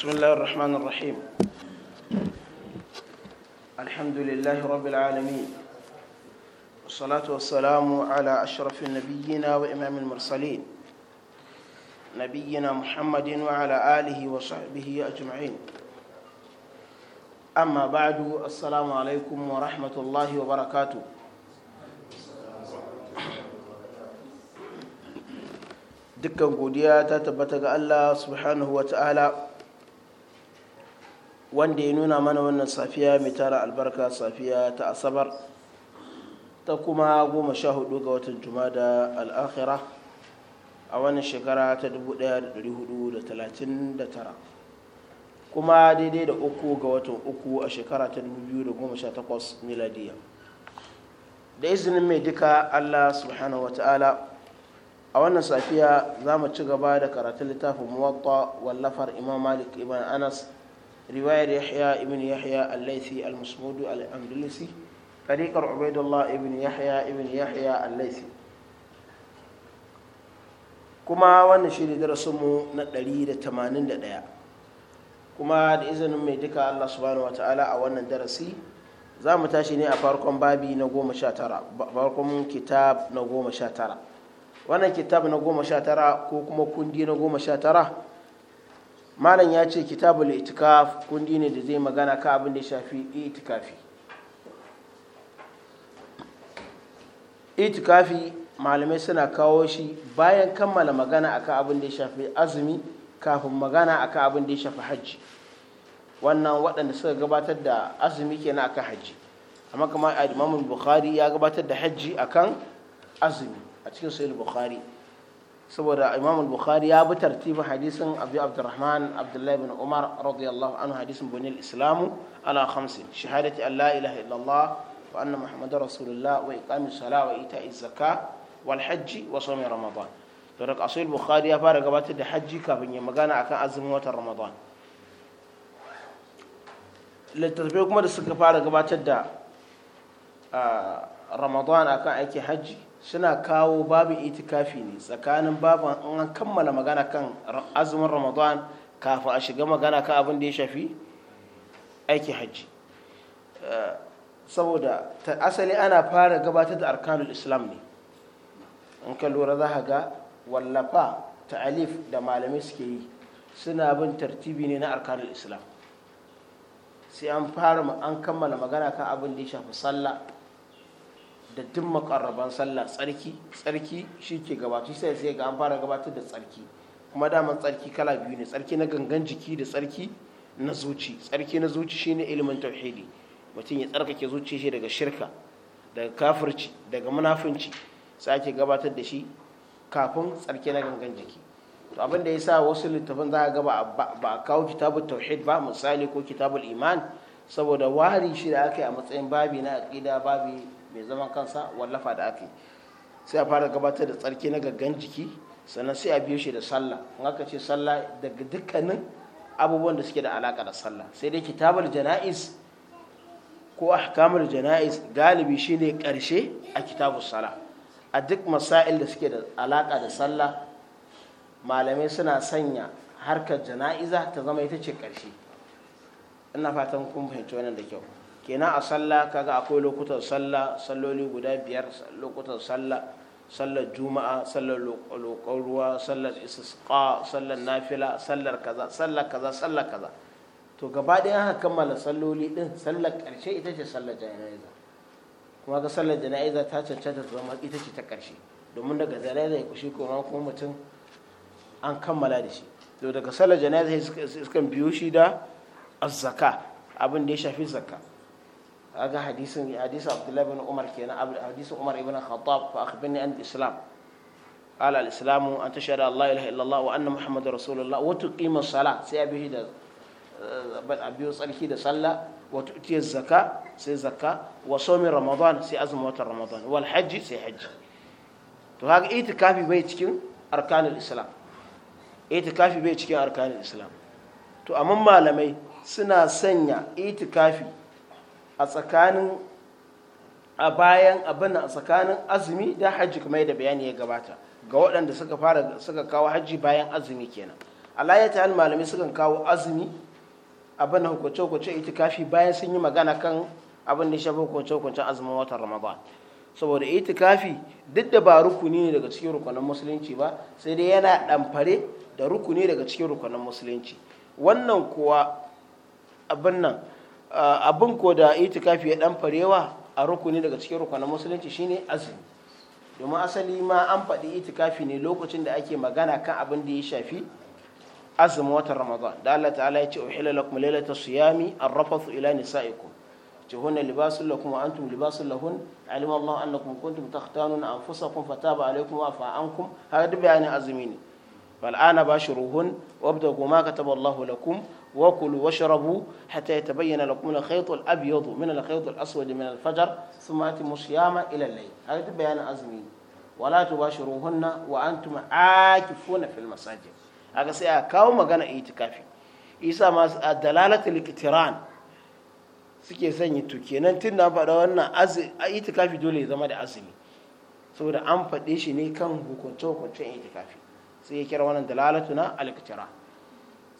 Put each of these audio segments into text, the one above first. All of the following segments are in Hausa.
بسم الله الرحمن الرحيم الحمد لله رب العالمين والصلاة والسلام على أشرف النبيين وإمام المرسلين نبينا محمد وعلى آله وصحبه أجمعين أما بعد السلام عليكم ورحمة الله وبركاته dukkan godiya ta الله سبحانه وتعالى wanda ya nuna mana wannan safiya mai tara albarka safiya ta asabar ta kuma goma sha hudu ga watan jumada al'akhira a wannan shekara ta 1439 kuma daidai da uku ga watan uku a shekara ta 2018 miladiya da izinin mai duka allah subhanahu wata'ala a wannan safiya za mu ci gaba da karatun littafin muwatta wallafar imam malik ibn anas riwayar yahya ibn yahya al-laisi al-musmudu al-andalusi tariqar ubaidullah ibn yahya ibn yahya al-laisi kuma wannan shi ne darasinmu na 181 kuma da izinin mai duka allah subhanahu wa ta'ala a wannan darasi za mu tashi ne a farkon babi na goma sha tara farkon kitab na goma sha tara wannan kitab na goma sha tara ko kuma kundi na goma sha tara malam ya ce kitabul itikaf kundi ne da zai magana ka abin da shafi itikafi itikafi malamai suna kawo shi bayan kammala magana akan abin da shafi azumi kafin magana akan abin da shafi hajji wannan waɗanda suka gabatar da azumi kenan akan hajji amma kamar imam bukhari ya gabatar da hajji akan azumi a cikin sahih bukhari saboda imam al-bukhari ya bi tartibin hadisin abu abdurrahman abdullahi bin umar radiyallahu anhu hadisin bunil islamu ala khamsin shahadati an la ilaha illallah wa anna muhammadar rasulullah wa iqamis sala wa ita'iz zaka wal hajji wa sawmi ramadan to daga bukhari ya fara gabatar da hajji kafin ya magana akan azumin watan ramadan littattafai kuma da suka fara gabatar da ah, ramadan akan aikin hajji suna kawo babin itikafi ne tsakanin babin an kammala magana kan azumin ramadan kafin a shiga magana kan abin da ya shafi aiki hajji eh, saboda ta asali ana fara gabatar da arkanul islam ne in ka lura za ga wallafa ta'alif da malamai suke yi suna bin tartibi ne na arkanul islam sai an fara an kammala magana kan abin da ya shafi sallah da duk makarraban sallah tsarki tsarki shi ke gabatu sai sai ga an fara gabatar da tsarki kuma daman tsarki kala biyu ne tsarki na gangan jiki da tsarki na zuci tsarki na zuci shi ne ilimin tauhidi mutum ya tsarkake zuci shi daga shirka daga kafirci daga munafunci sai ake gabatar da shi kafin tsarki na gangan jiki to abin da yasa wasu littafin za ga ba a kawo kitabul tauhid ba misali ko kitabul iman saboda wari shi da aka yi a matsayin babi na aqida babi mai zaman kansa wallafa da aka yi sai a fara gabatar da tsarki na gaggan jiki sannan sai a biyo shi da sallah in aka ce sallah daga dukkanin abubuwan da suke da alaka da sallah sai dai kitabar jana'is ko ahkamul jana'is galibi shine karshe a kitabu sala a duk masail da suke da alaka da sallah malamai suna sanya harkar jana'iza ta zama ita ce karshe ina fatan kun fahimci wannan da kyau kenan a sallah kaga akwai lokutan sallah salloli guda biyar lokutan sallah sallar juma'a sallar lokon ruwa sallar istisqa sallar nafila sallar kaza sallar kaza sallar kaza to gaba ɗaya aka kammala salloli din sallar ƙarshe ita ce sallar jana'iza kuma ga sallar jana'iza ta cancanta ta zama ita ce ta ƙarshe domin daga jana'iza ya kushe kuma kuma mutum an kammala da shi to daga sallar jana'iza sukan biyo shi da azzaka abin da ya shafi zakka Aga hadisin hadisin Abdullah bin Umar kenan hadisin Umar ibn Khattab fa akhbirni an al-Islam قال الإسلام أن تشهد أن لا إله إلا الله وأن محمد رسول الله وتقيم الصلاة سيأبيه دا أبي يصلي دا صلى وتؤتي الزكاة سي زكاة وصوم رمضان سي أزم وتر رمضان والحج سي حج to haka itikafi bai cikin arkanul islam itikafi bai cikin arkanul islam to amma malamai suna sanya itikafi a tsakanin a bayan abin a tsakanin azumi da hajji kamar da bayani ya gabata ga waɗanda suka fara suka kawo hajji bayan azumi kenan ta al malamai suka kawo azumi abin hukunce hukunce kafi bayan sun yi magana kan abin da shafi hukunce hukuncen azumin watan ramadan saboda ita kafi duk da ba rukuni ne daga cikin rukunin musulunci ba sai dai yana ɗamfare da rukuni daga cikin rukunin musulunci wannan kuwa abin nan Eh, abin ko da itikafi ya dan farewa a rukuni daga cikin rukunan musulunci shine azumi domin asali ma an faɗi itikafi ne lokacin da ake magana kan abin da ya shafi azumin watan ramadan da Allah ta'ala ya ce uhilla lakum lailata siyami arrafathu ila nisaikum tuhunna libasul lakum wa antum libasul lahun alima Allah annakum kuntum takhtanuna anfusakum fataba alaykum wa afa ankum hada bayanin azumi ne fal ana bashiruhun wabtagu ma kataba Allah lakum وكلوا واشربوا حتى يتبين لكم الخيط الابيض من الخيط الاسود من الفجر ثم اتموا الصيام الى الليل هذا بيان أزمي ولا تباشروهن وانتم عاكفون في المساجد هذا سي سيأكاو مغانا إيتكافي يسا ما دلاله الاقتران suke sanya to kenan tun na faɗa wannan itikafi dole ya zama da azumi saboda an faɗe shi ne kan hukunce-hukuncen itikafi sai ya kira wannan dalalatu na alkitira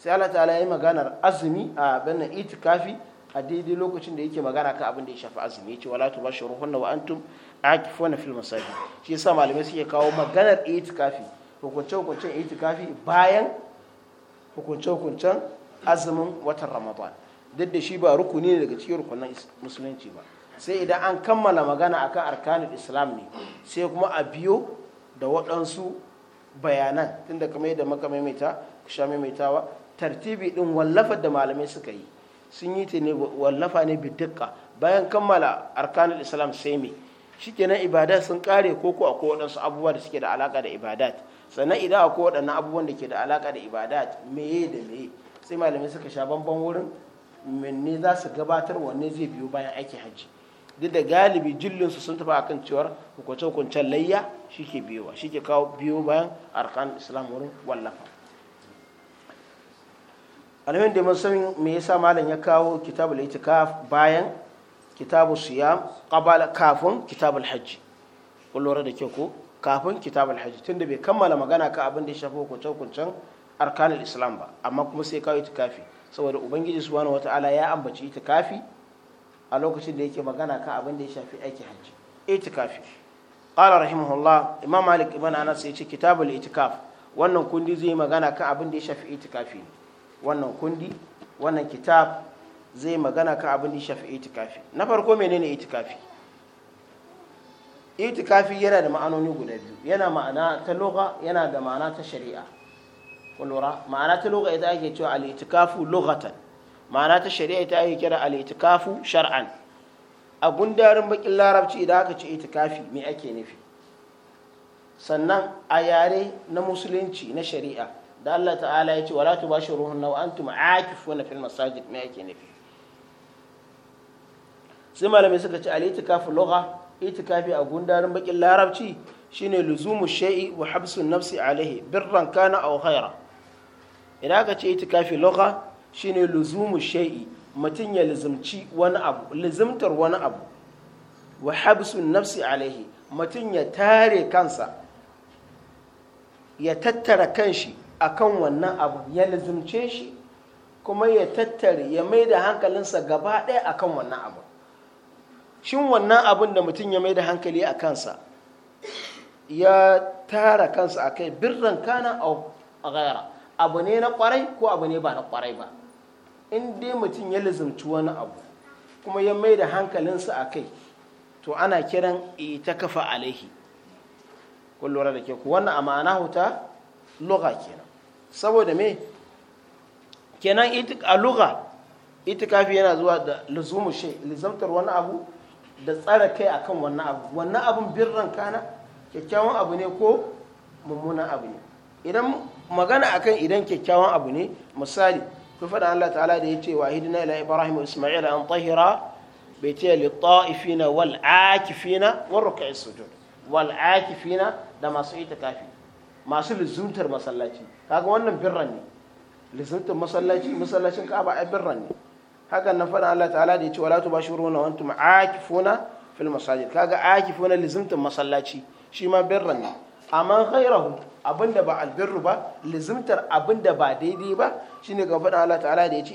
sai Allah ta'ala ya yi maganar azumi a bannan itikafi a daidai lokacin da yake magana kan abin da ya shafi azumi yace wala tubashiruhunna wa antum aqifuna fil masajid shi yasa malamai suke kawo maganar itikafi hukunce hukuncen itikafi bayan hukunce hukuncen azumin watan Ramadan duk da shi ba rukuni ne daga cikin rukunin musulunci ba sai idan an kammala magana akan arkanin islam ne sai kuma a biyo da waɗansu bayanan tunda kamar yadda muka maimaita sha maimaitawa tartibi din wallafar da malamai suka yi sun yi ta ne wallafa ne bidikka bayan kammala arkanul islam sai me shikenan ibada sun kare ko ko akwai waɗansu abubuwa da suke da alaka da ibadat sannan idan akwai waɗannan abubuwan da ke da alaka da ibadat meye da meye sai malamai suka sha bamban wurin menne za su gabatar wanne zai biyo bayan aiki hajji duk da galibi su sun tafi akan cewar hukunce-hukuncen layya shike biyowa shike kawo biyo bayan arkan islam wurin wallafa alamin da san me yasa malam ya kawo kitabu itikaf bayan kitabu siyam qabala kafin kitabul hajji kun da kyau ko kafin kitabul hajji tunda bai kammala magana ka abin da ya shafi hukuncen hukuncen arkanul islam ba amma kuma sai kawo itikafi saboda ubangiji subhanahu wataala ya ambaci itikafi a lokacin da yake magana kan abin da ya shafi aiki hajji itikafi qala rahimahullah imam malik ibn anas ya ce kitabu itikaf wannan kundi zai magana kan abin da ya shafi itikafi ne wannan kundi wannan kitab zai magana ka abin da shafi itikafi na farko menene itikafi itikafi yana da ma'anoni guda biyu yana ma'ana ta lugha yana da ma'ana ta shari'a kullura ma'ana ta lugha ita ake cewa al-itikafu lughatan ma'ana ta shari'a ita ake kira al-itikafu shar'an a gundarin bakin larabci idan aka ce itikafi me ake nufi sannan a yare na musulunci na shari'a da Allah ta'ala ya ce wala tubashiruhunna wa antum aakifuna fil masajid me yake nufi sai malamai suka ce al itikafu lugha kafi a gundarin bakin larabci shine luzumu shay'i wa habsun nafsi alaihi birran kana a ghaira idan aka ce itikafi lugha shine luzumu shay'i mutum ya lizumci wani abu lizumtar wani abu wa habsun nafsi alaihi mutum ya tare kansa ya tattara kanshi akan wannan abu ya lazumce shi kuma ya tattare ya mai da hankalinsa gaba ɗaya akan wannan abu shin wannan abin da mutum ya mai da hankali a kansa ya tara kansa a kai birran kana a gara abu ne na kwarai ko abu ne ba na kwarai ba in dai mutum ya lizumci wani abu kuma ya mai da hankalinsa a kai to ana kiran ita kafa alaihi kullum da ke ku wannan amana huta loga kenan saboda me kenan a lugha kafi yana zuwa da lizumu shi lizamtar wani abu da tsara kai akan wannan abu wannan abun birran kana kyakkyawan abu ne ko mummunan abu ne idan magana akan idan kyakkyawan abu ne misali ku faɗa Allah ta'ala da ya ce wa hidina ila ibrahim wa isma'il an tahira bai ce lita ta'ifina wal akifina wa da masu itikafi masu lizuntar masallaci kaga wannan birran ne lizuntar masallaci masallacin ka'aba a birran ne hakan na fara Allah ta'ala da ya ce wala tubashiruna wa antum aakifuna fil masajid kaga aakifuna lizuntar masallaci shi ma birran ne amma ghairahu abinda ba albirru ba lizimtar abinda ba daidai ba shine ga faɗin Allah ta'ala da ya ce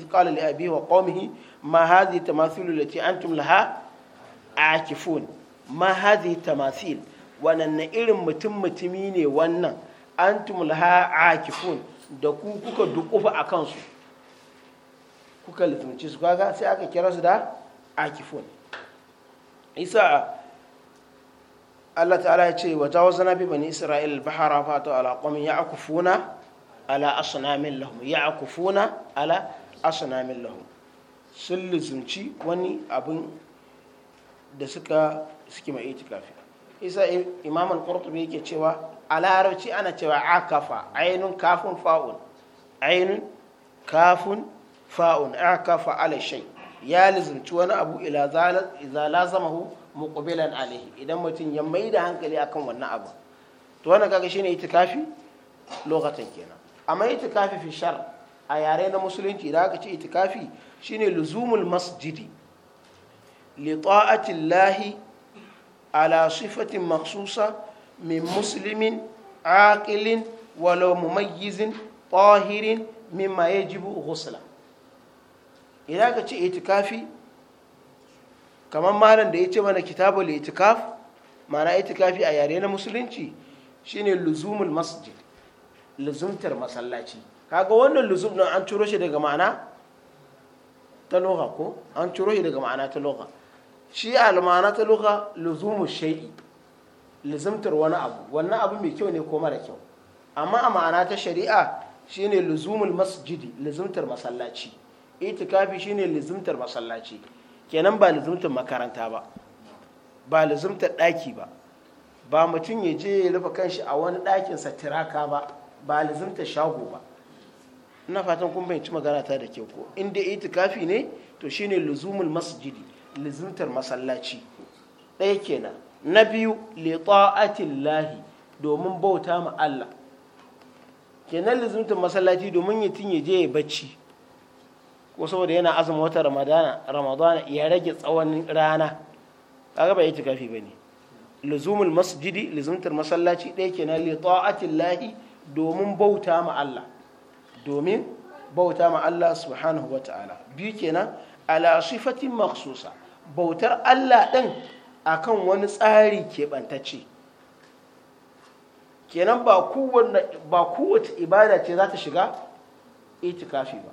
izqala li abi wa qaumihi ma hadhihi tamathilu lati antum laha akifun ma hadhihi tamathil Wananne irin mutum mutumi ne wannan An antumul ha'akifun da ku kuka dukufa a kansu kuka litumci su kaga sai aka kira su da akifun isa Allah ta'ala ya ce wa tawazana bi bani isra'il bahara fata ala ya akufuna ala asnamin lahum akufuna ala asunamin lahum sun lizumci wani abin da suka suke mai itikafi isa imam al-qurtubi yake cewa a larabci ana cewa akafa ainun kafun fa'un ainun kafun fa'un akafa ala shay ya lizimci wani abu idza lazamahu muqbilan alayhi idan mutum ya mai da hankali akan wannan abu to wannan kaga shine itikafi lokacin kenan amma itikafi fi shar a yare na musulunci da aka ce itikafi shine luzumul masjidi li ta'ati على صفة مخصوصة من مسلم عاقل ولو مميز طاهر مما يجب غسله idan ka ce itikafi kamar malam da ya ce mana kitabul itikaf mana itikafi a yare na musulunci shine luzumul masjid luzumtar masallaci kaga wannan luzum din an ciro shi daga ma'ana ta loga ko an ciro shi daga ma'ana ta loga shi almana ta luka luzumu shai'i luzumtar wani abu wannan abu mai kyau ne ko mara kyau amma a ma'ana ta shari'a shine luzumul masjidi luzumtar masallaci itikafi shine luzumtar masallaci kenan ba luzumtar makaranta ba ba luzumtar ɗaki ba ba mutum ya je ya rufe kanshi a wani ɗakin satiraka ba ba luzumtar shago ba ina fatan kun fahimci magana ta da kyau ko inda itikafi ne to shine luzumul masjidi lizuntar masallaci ɗaya kenan na biyu lahi domin bauta ma Allah kenan lizuntar masallaci domin ya tinye je ya bacci ko saboda yana azumin wata ramadana ramadana ya rage tsawon rana kaga ba yace kafi bane lizumul masjidi lizumtar masallaci ɗaya kenan li lahi domin bauta ma Allah domin bauta ma Allah subhanahu wata'ala biyu kenan ala sifatin makhsusa bautar Allah ɗin a kan wani tsari keɓantacce kenan ba kowace ibada ce za ta shiga itikafi ba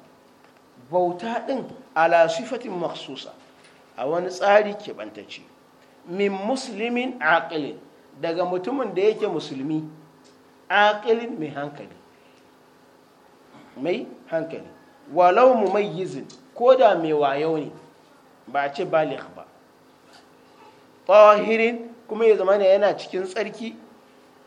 bauta ɗin ala sifatin maksusa a wani tsari keɓantacce min musulmin aƙilin daga mutumin da yake musulmi aƙilin mai hankali mai hankali walau mu mai yizin ko da mai wayo ne ba a ce baligh ba tahirin kuma ya zama yana cikin tsarki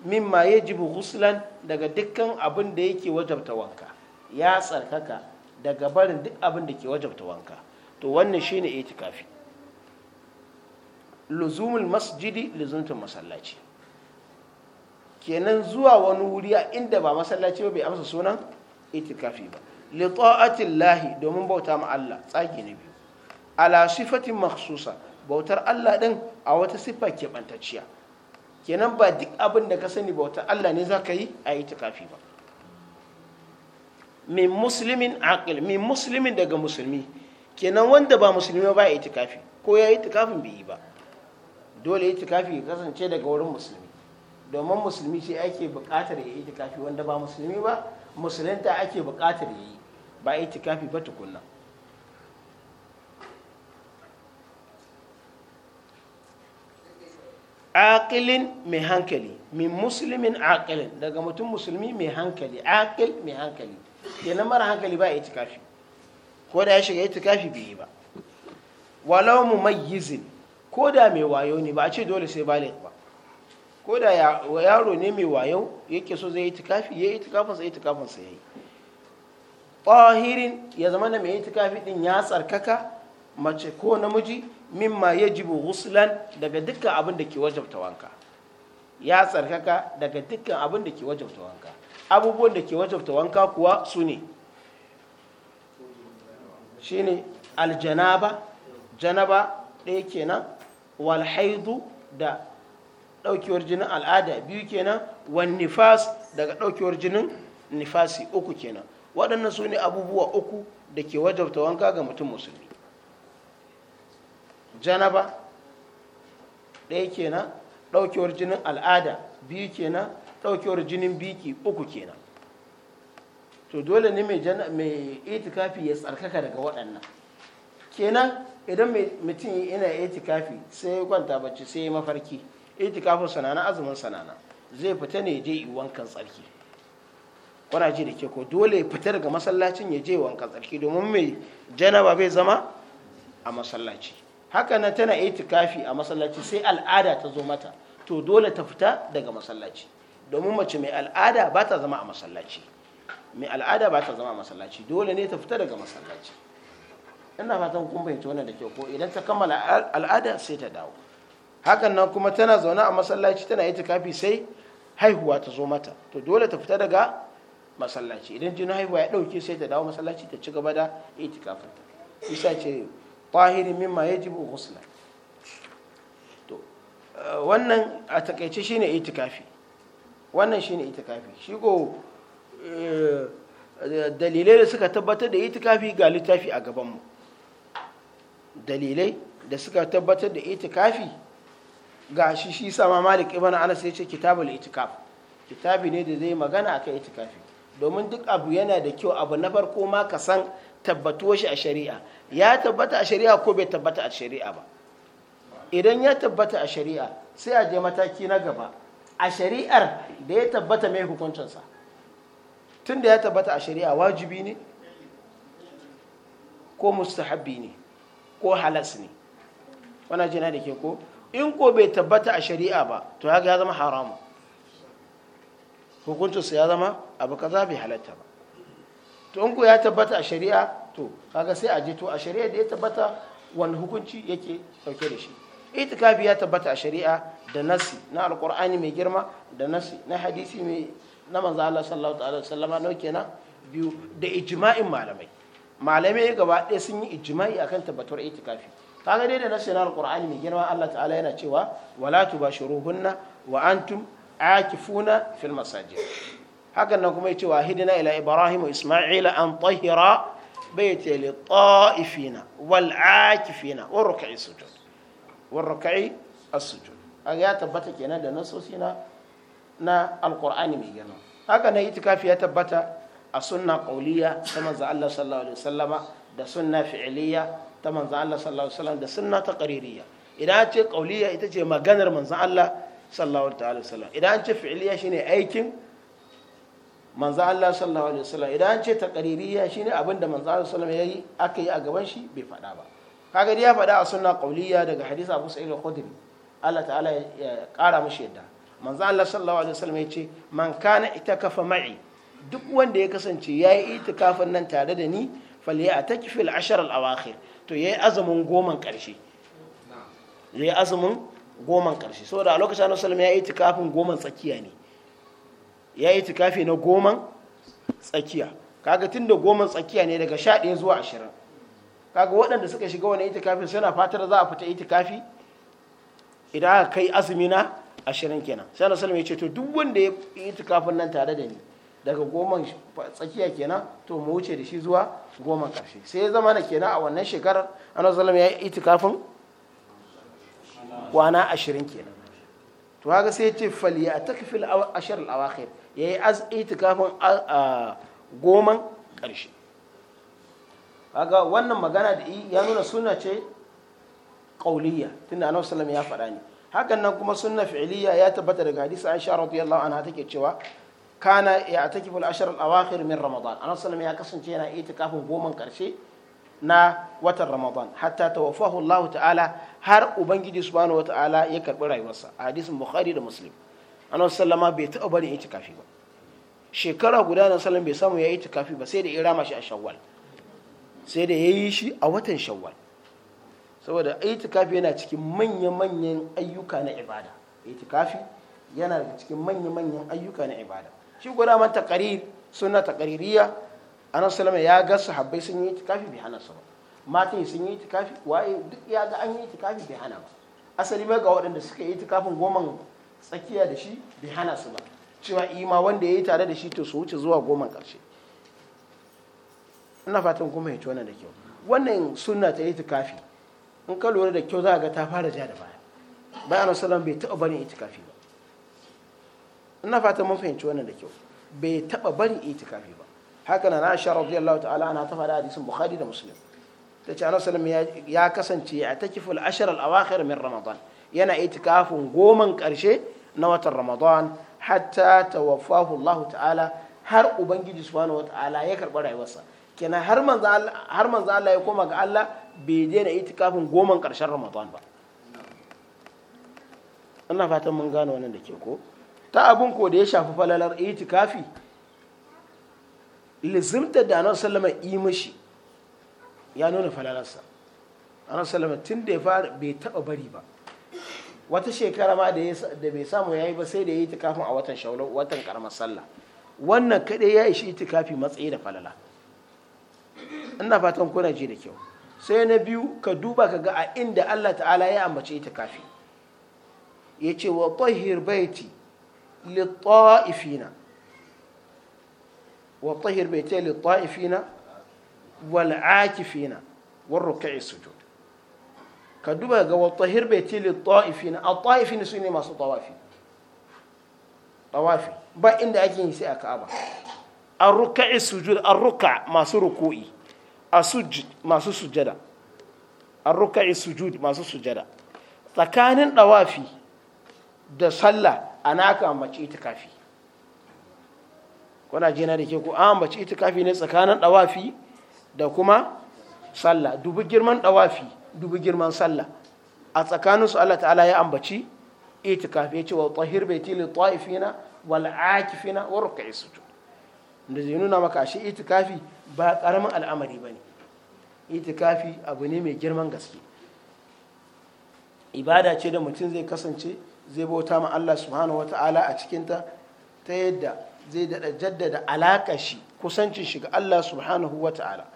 mimma yajibu ghuslan daga dukkan abin da yake wajabta wanka ya tsarkaka daga barin duk abin da ke wajabta wanka to wannan shine itikafi luzumul masjidi luzumtun masallaci kenan zuwa wani wuri inda ba masallaci ba bai amsa sunan itikafi ba li ta'atillahi domin bauta ma Allah tsaki na biyu ala sifatin maksusa bautar Allah ɗin a wata siffa keɓantacciya kenan ba duk abin da ka sani bautar Allah ne za ka yi a yi tukafi ba min musulmin aqil min musulmin daga musulmi kenan wanda ba musulmi ba yi tukafi ko ya yi tukafin bai yi ba dole yi tukafi ya kasance daga wurin musulmi domin musulmi ce ake buƙatar ya yi tukafi wanda ba musulmi ba musulunta ake buƙatar ya yi ba yi tukafi ba tukunna aqilin mai hankali min muslimin aqilin daga mutum musulmi mai hankali aqil mai hankali kenan mara hankali ba a itikafi ko da ya shiga itikafi bai yi ba walau mumayyizin ko da mai wayo ne ba a ce dole sai bale ba ko da yaro ne mai wayo yake so zai yi itikafi ya yi itikafinsa ya itikafinsa ya yi ƙwahirin ya zama da mai itikafi din ya tsarkaka mace ko namiji mimma jibu ghuslan daga dukkan abin da ke wajabta wanka ya tsarkaka daga dukkan abin da ke wajabta wanka abubuwan da ke wajabta wanka kuwa su ne ne aljanaba janaba ɗaya kenan walhaidu da ɗaukewar jinin al'ada biyu kenan wan nifas daga ɗaukewar jinin nifasi uku kenan waɗannan su ne abubuwa uku da ke wajabta wanka ga mutum musulmi janaba ɗaya kenan ɗaukewar jinin al'ada biyu kenan ɗaukewar jinin biki uku kenan to dole ne mai itikafi ya tsarkaka daga waɗannan kenan idan mutum yana itikafi sai ya kwanta bacci sai ya mafarki itikafin sanana azumin sanana zai fita ne je yi wankan tsarki kuna ji da ke ko dole fita daga masallacin ya je wankan tsarki domin mai janaba bai zama a masallaci haka nan tana itikafi a masallaci sai al'ada ta zo mata to dole ta fita daga masallaci domin mace mai al'ada ba ta zama a masallaci mai al'ada ba ta zama a masallaci dole ne ta fita daga masallaci ina fatan kun bayyana wannan da kyau ko idan ta kammala al'ada sai ta dawo hakan nan kuma tana zaune a masallaci tana itikafi sai haihuwa ta zo mata to dole ta fita daga masallaci idan jinin haihuwa ya dauke sai ta dawo masallaci ta ci gaba da ta isa ce طاهر مما يجب غسله wannan a takaice shine itikafi wannan shine itikafi shi go eh, dalilai da suka tabbatar da itikafi ga litafi a gaban mu dalilai da suka tabbatar da itikafi ga shi shi sama malik ibn anas ya ce kitabul itikaf kitabi ne da zai magana akan itikafi domin duk abu yana da kyau abu na farko ma ka san tabbatuwa shi a shari'a ya tabbata a shari'a ko bai tabbata a shari'a ba idan ya tabbata a shari'a sai a je mataki na gaba a shari'ar da ya tabbata mai hukuncinsa tun da ya tabbata a shari'a wajibi ne ko mustahabbi ne ko halas ne wana jina da ke ko in ko bai tabbata a shari'a ba to haka ya zama haramu hukuncinsa ya zama abu kaza bai halatta ba to in ku ya tabbata a shari'a to kaga sai a je to a shari'a da ya tabbata wani hukunci yake sauke da shi itikafi ya tabbata a shari'a da nasi na alkur'ani mai girma da nasi na hadisi mai na manzo Allah sallallahu alaihi wasallam na biyu da ijma'in malamai malamai gaba ɗaya sun yi ijma'i akan tabbatar itikafi kaga dai da nasi na alkur'ani mai girma Allah ta'ala yana cewa wala tubashiruhunna wa antum akifuna fil masajid hakan nan kuma yace wa hidina ila ibrahim wa isma'ila an tahira baiti li ta'ifina wal akifina wal ruk'i sujud wal ruk'i as-sujud aga ya tabbata kenan da nasosi na na alqur'ani mai girma haka nan itikafi ya tabbata a sunna qauliya ta manzo Allah sallallahu alaihi wasallama da sunna fi'liya ta manzo Allah sallallahu alaihi wasallam da sunna idan ce qauliya ita ce maganar manzo Allah sallallahu alaihi wasallam idan ce fi'liya shine aikin manzo Allah sallallahu alaihi wasallam idan an ce taqririya shine abin da manzo Allah sallallahu alaihi wasallam yayi aka yi a gaban shi bai faɗa ba kaga ya faɗa a sunna qauliyya daga hadisi Abu Sa'id al-Khudri Allah ta'ala ya ƙara mishi yadda manzo Allah sallallahu alaihi wasallam ya ce man kana itakafa ma'i duk wanda ya kasance yayi itikafin nan tare da ni falyataki a ashar al-awakhir to yayi azumin goman karshe yayi azumin goman karshe saboda a lokacin Annabi sallallahu alaihi wasallam ya itikafin goman tsakiya ne ya yi tikafi na goman tsakiya kaga tun da goman tsakiya ne daga sha ɗaya zuwa ashirin kaga waɗanda suka shiga wani itikafi suna fatar za a fita itikafi idan aka kai azumi na ashirin kenan sai na salama ya ce to duk wanda ya yi itikafin nan tare da ni daga goman tsakiya kenan to mu wuce da shi zuwa goma ƙarshe sai ya zama na kenan a wannan shekarar ana salama ya yi itikafin kwana ashirin kenan to haka sai ce faliya a takfil ashar al-awakhir yayi az itikafin goman ƙarshe kaga wannan magana da ya nuna suna ce qauliyya da annabi sallallahu ya faɗa ne hakan nan kuma sunna fi'liya ya tabbata daga hadisi Aisha radiyallahu anha take cewa kana ya atakifu al-ashr al-awakhir min ramadan annabi sallallahu ya kasance yana itikafin goman ƙarshe na watan ramadan hatta tawaffahu Allah ta'ala har ubangiji subhanahu wataala ya karbi rayuwarsa a hadisin bukhari da muslim annabi sallama bai taɓa barin itikafi ba shekara guda na sallam bai samu ya yi itikafi ba sai da ya rama shi a shawwal sai da ya yi shi a watan shawwal saboda itikafi yana cikin manya-manyan ayyuka na ibada itikafi yana da cikin manya-manyan ayyuka na ibada shi guda man taqarir sunna takaririya annabi sallama ya ga sahabbai sun yi itikafi bai hana su ba matan sun yi itikafi waye duk ya ga an yi itikafi bai hana ba asali mai ga waɗanda suka yi itikafin goman tsakiya da shi bai hana su ba cewa ima wanda ya yi tare da shi to su wuce zuwa goman ƙarshe ina fatan kuma ya wannan da kyau wannan sunna ta itikafi in ka lura da kyau za ga ta fara ja da baya bayan sallam bai taɓa barin itikafi ba ina fatan mun fahimci wannan da kyau bai taɓa barin itikafi ba haka na na sha radiyallahu ta'ala ana ta faɗa hadisin bukhari da muslim ta ce annabi sallallahu ya kasance a takiful ashar al-awakhir min ramadan yana itikafin goman karshe na watan ramadan hatta ta wafahu Allahu ta'ala har ubangiji subhanahu wata'ala ya karɓi rayuwarsa kenan har manzo har manzo Allah ya koma ga Allah bai je da itikafin goman karshen ramadan ba ina fatan mun gane wannan da ke ko ta abun ko da ya shafi falalar itikafi lizimta da annabi sallallahu yi mishi ya nuna falalarsa nan salama tun da ya fara bai taba bari ba wata shekara ma da bai samu yayi ba sai da ya yi ta kafin a watan shaula watan karamar sallah wannan kaɗai ya ishi kafi matsayi da falala ina fatan kuna ji da kyau sai na biyu ka duba ka ga a inda Allah ta'ala ya ambace kafi. ya ce wa tahir baiti li ta'ifina wa tahir baiti li ta'ifina wal akifina war ruk'i sujud ka duba ga wa tahir baiti lit ta'ifina at ta'ifina sune masu tawafi tawafi ba inda ake yi sai a Ka'aba ar ruk'i sujud ar ruka masu ruku'i asujud masu sujada ar ruk'i sujud masu sujada tsakanin dawafi da sallah ana ka ambaci itikafi kuna jina da ke ku an ambaci itikafi ne tsakanin dawafi da kuma sallah dubi girman dawafi dubi girman sallah a tsakanin su Allah ta'ala ya ambaci itikafi ya ce wa tahir baiti lil ta'ifina wal akifina wa ruk'i sujud da zai nuna maka shi itikafi ba karamin al'amari ba bane itikafi abu ne mai girman gaske ibada ce da mutum zai kasance zai bauta ma Allah subhanahu wata'ala a cikinta ta yadda zai daɗa jaddada alaka shi kusancin shiga Allah subhanahu wata'ala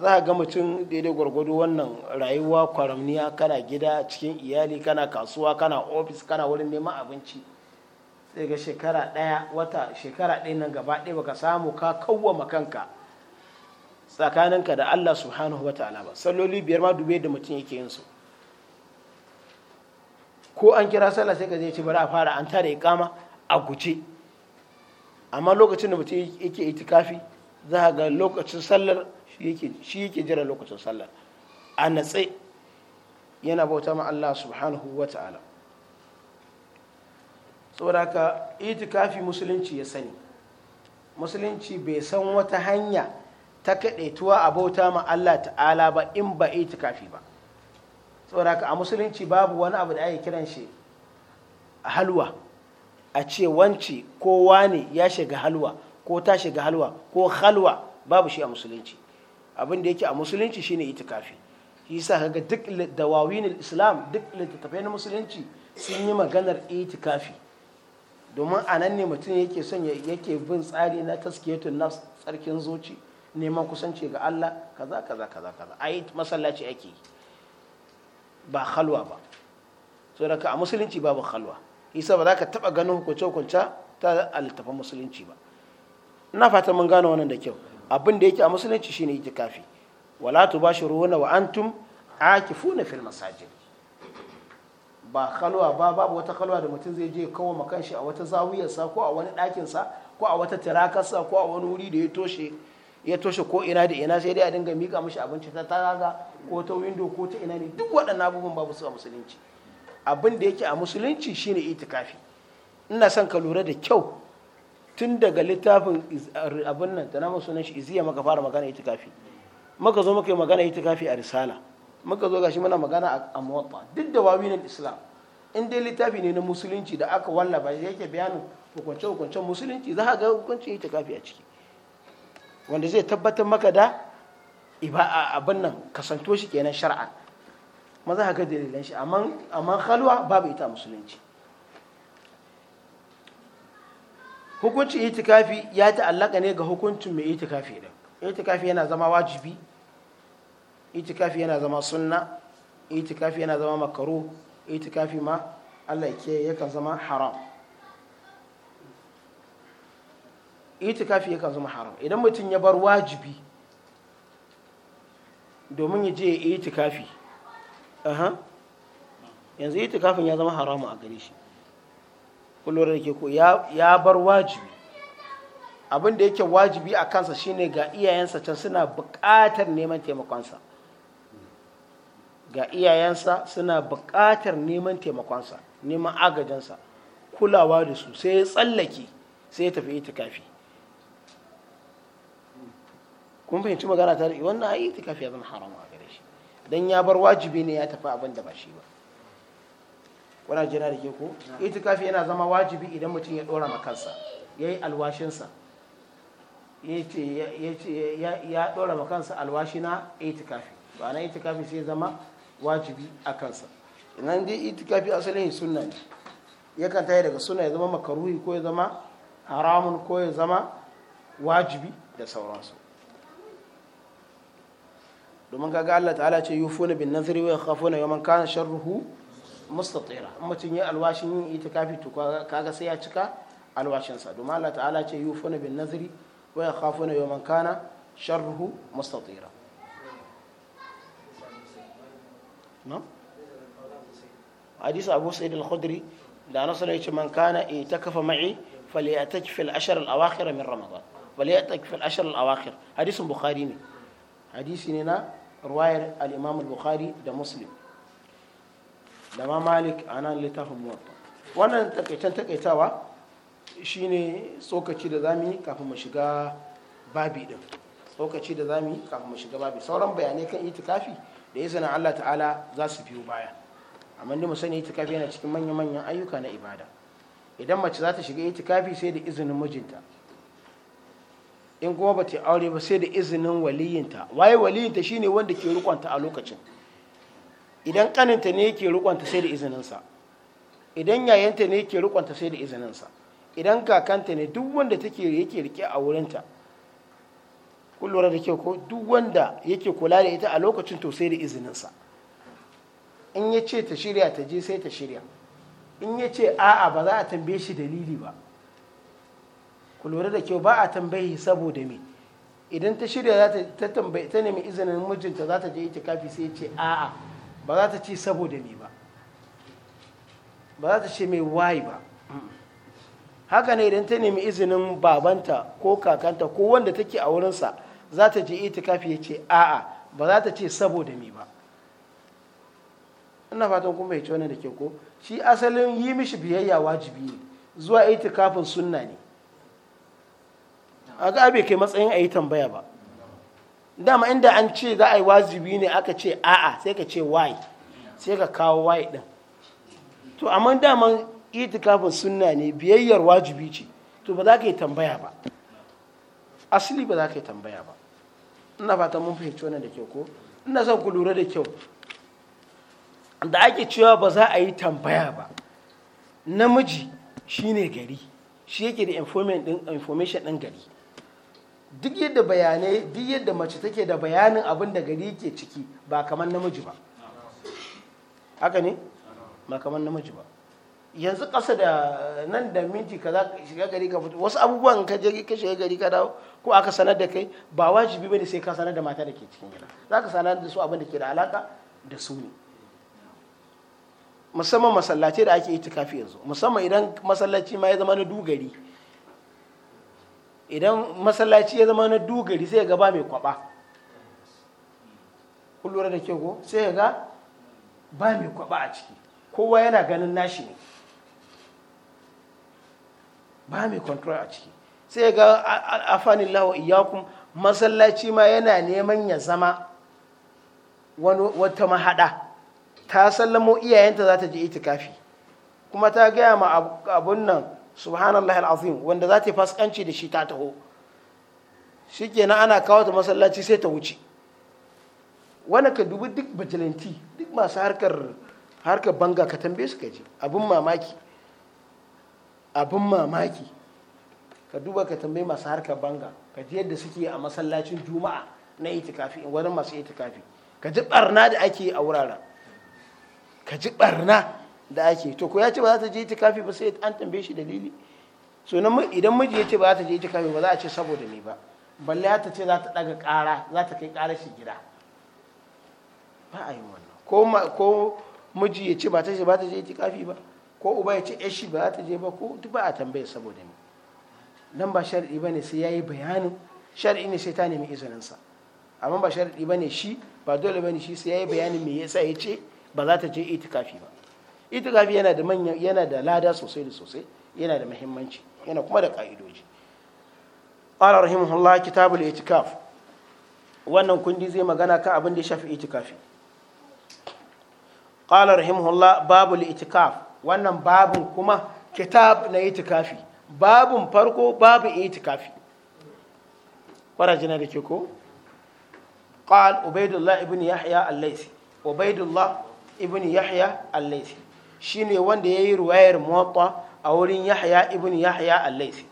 za a ga mutum daidai gwargwado wannan rayuwa kwaramniya kana gida cikin iyali kana kasuwa kana ofis kana wurin neman abinci sai ga shekara ɗaya wata shekara ɗaya nan gaba ɗaya baka samu ka kawwama kanka tsakaninka da Allah subhanahu wa ta'ala ba salloli biyar ma dube da mutum yake yin su ko an kira sallah sai ka je ci bari a fara an tare ikama a guje amma lokacin da mutum yake itikafi za ga lokacin sallar shi yake jira lokacin sallah a natse yana bauta ma Allah subhanahu wa ta'ala saboda iti kafi musulunci ya sani musulunci bai san wata hanya ta kaɗaituwa a bauta ma Allah ta'ala ba in ba kafi ba saboda ka a musulunci babu wani abu da ake kiran shi halwa a ce wance kowa ne ya shiga halwa ko ta shiga halwa ko halwa babu shi a musulunci abin da yake a musulunci shine itikafi shi yasa kaga duk dawawin islam duk littattafai na musulunci sun yi maganar itikafi domin a nan ne mutum yake son yake bin tsari na taskiyatun nafs tsarkin zuci neman kusanci ga Allah kaza kaza kaza kaza ai masallaci ake ba halwa ba so daga a musulunci babu halwa isa ba za ka taba ganin hukunce hukunce ta littafin musulunci ba ina fatan mun gane wannan da kyau abin da yake a musulunci shi shine itikafi wala tubashiruna wa antum akifuna fil masajid ba kalwa ba babu wata kalwa da mutum zai je kawo makanshi shi a wata sa, ko a wani ɗakinsa ko a wata tirakarsa ko a wani wuri da ya toshe ya toshe ko ina da ina sai dai a dinga mika mishi abinci ta taga ko ta windo ko ta ina ne duk waɗannan abubuwan babu su a musulunci abin da yake a musulunci shine itikafi ina son ka lura da kyau tun daga littafin abin nan tana namun sunan shi iziya maka fara magana ita kafi. maka zo maka yi magana kafi a risala maka zo gashi mana magana a muwatta duk da na islam in dai littafi ne na musulunci da aka wallafa yake bayanin hukunce hukuncen musulunci za ka ga hukuncin kafi a ciki wanda zai tabbatar maka da abin nan kasanto shi kenan shar'a maza ga dalilan shi amma amma khalwa babu ita musulunci hukuncin itikafi ya ta'allaka ne ga hukuncin mai itikafi din itikafi yana zama wajibi itikafi yana zama sunna itikafi yana zama makaru itikafi ma Allah ke yakan zama haram itikafi yakan zama haram idan mutum ya bar wajibi domin ya je itikafi aha yanzu itikafin ya zama haramu a gare shi kullum da ke ko ya bar wajibi abin da yake wajibi a kansa shine ga iyayensa can suna buƙatar neman taimakonsa ga iyayensa suna buƙatar neman taimakonsa neman agajinsa kulawa da su sai ya tsallake sai ya tafi itikafi kun fahimci magana ta wannan ai itikafi ya zama harama a gare shi dan ya bar wajibi ne ya tafi abin da ba shi ba kuna jina da ke ko itikafi yana zama wajibi idan mutum ya dora makansa ya yi alwashinsa ya dora makansa alwashi na itikafi ba na itikafi sai zama wajibi a kansa idan dai itikafi asalin sunna ne kan tayi daga sunna ya zama makaruhi ko ya zama haramun ko ya zama wajibi da sauransu domin kaga Allah ta'ala ce yufuna bin nazri wa yakhafuna yawman kana sharruhu mustatira mutum ya alwashin yin itikafi to kaga sai ya cika alwashinsa domin Allah ta'ala ce yufuna bin nazri wa yakhafuna yawman kana sharruhu mustatira no hadisi Abu Sa'id al-Khudri da Anas ya ce man kana itakafa ma'i فليأتك في العشر الأواخر من رمضان فليأتك في العشر الأواخر حديث بخاري حديث هنا رواية الإمام البخاري ده da ma malik a nan littafin muwatta wannan takaitan takaitawa shine tsokaci da zami kafin mu shiga babi din tsokaci da zami kafin mu shiga babi sauran bayanai kan itikafi da izinin Allah ta'ala za su biyo baya amma ni musani itikafi yana cikin manyan manyan ayyuka na ibada idan mace za ta shiga itikafi sai da izinin mijinta in kuma ba ta aure ba sai da izinin waliyinta waye waliyinta shine wanda ke rukonta a lokacin idan kaninta ne yake rukunta sai da izininsa idan yayanta ne yake rukunta sai da izininsa idan kakanta ne duk wanda take yake rike a wurinta kullum da ke ko duk wanda yake kula da ita a lokacin to sai da izininsa in ya ce ta shirya ta je sai ta shirya in ya ce a'a ba za a tambaye shi dalili ba ku da kyau ba a tambayi saboda me idan ta shirya za ta nemi izinin mijinta za ta je ita kafi sai ya ce a'a ba za ta ce saboda ni ba ba za ta ce mai why ba haka ne idan ta nemi izinin babanta ko kakanta ko wanda take a wurinsa za ta je itikafi ya ce a'a ba za ta ce saboda ni ba ina fatan kuma ya ce wannan da ke ko shi asalin yi mishi biyayya wajibi ne zuwa itikafin sunna ne a ga abe kai matsayin a yi tambaya ba dama inda an ce za a yi wajibi ne aka ce a'a sai ka ce why sai ka kawo why din to amma dama itikafin sunna ne biyayyar wajibi ce to ba za ka yi tambaya ba asali ba za ka yi tambaya ba ina fata mun fahimci wannan da kyau ko ina son ku lura da kyau da ake cewa ba za a yi tambaya ba namiji shine gari shi yake da information din gari duk yadda bayanai duk yadda mace take da bayanin abin da gari ke ciki ba kamar namiji ba haka ne ba kamar namiji ba yanzu ƙasa da eh, nan da minti ka za shiga gari ka fito wasu abubuwan ka je ka shiga gari ka dawo ko aka sanar da kai ba wajibi bane sai ka sanar da mata da ke cikin gida za ka sanar da su abin da ke da alaka da su ne musamman masallaci da ake itikafi yanzu musamman idan masallaci ma ya zama na dugari idan masallaci ya zama na dugari sai ga ba mai kwaba kullura da ke ko sai ga ba mai kwaba a ciki kowa yana ganin nashi ne ba mai control a ciki sai ga afanin lawa iyakun masallaci ma yana neman ya zama wata mahada ta sallamo iyayenta za ta ji itikafi kuma ta gaya ma abun nan subhanallah al'azim wanda za ta yi fasikanci da shi ta taho shi kenan ana kawo ta masallaci sai ta wuce wani ka dubi duk bajilanti duk masu harkar banga ka tambaye su kaji abin mamaki abin mamaki ka duba ka tambaye masu harkar banga ka ji yadda suke a masallacin juma'a na itikafi wani masu itikafi ka ji barna da ake a wuraren ka ji barna da ake to ko ya ce ba za ta je ita kafi ba sai an tambaye shi dalili so idan miji ya ce ba za ta je ita kafi ba za a ce saboda me ba balle ta ce za ta daga kara za ta kai kara shi gida ba a yi wannan ko miji ya ce ba ta ce ba ta je ita kafi ba ko uba ya ce eh shi ba za ta je ba ko duk ba a tambaye saboda me nan ba shar'i bane ne sai ya yi bayanin shar'i ne sai ta nemi izinin sa. amma ba shar'i ba shi ba dole ba ne shi sai yayi yi bayanin me yasa ya ce ba za ta je ita kafi ba itikafi yana da manyan yana da lada sosai da sosai yana da muhimmanci yana kuma da ka'idoji qala rahimahullah kitabul itikaf wannan kundi zai magana kan abin da ya shafi itikafi qala rahimahullah babul itikaf wannan babun kuma kitab na itikafi babu farko babu itikafi kwarajina da ke ko qal ubaidullah ibn yahya al-laythi ibn yahya shine wanda ya yi ruwayar muwatta a wurin yahya ibn yahya al-laisi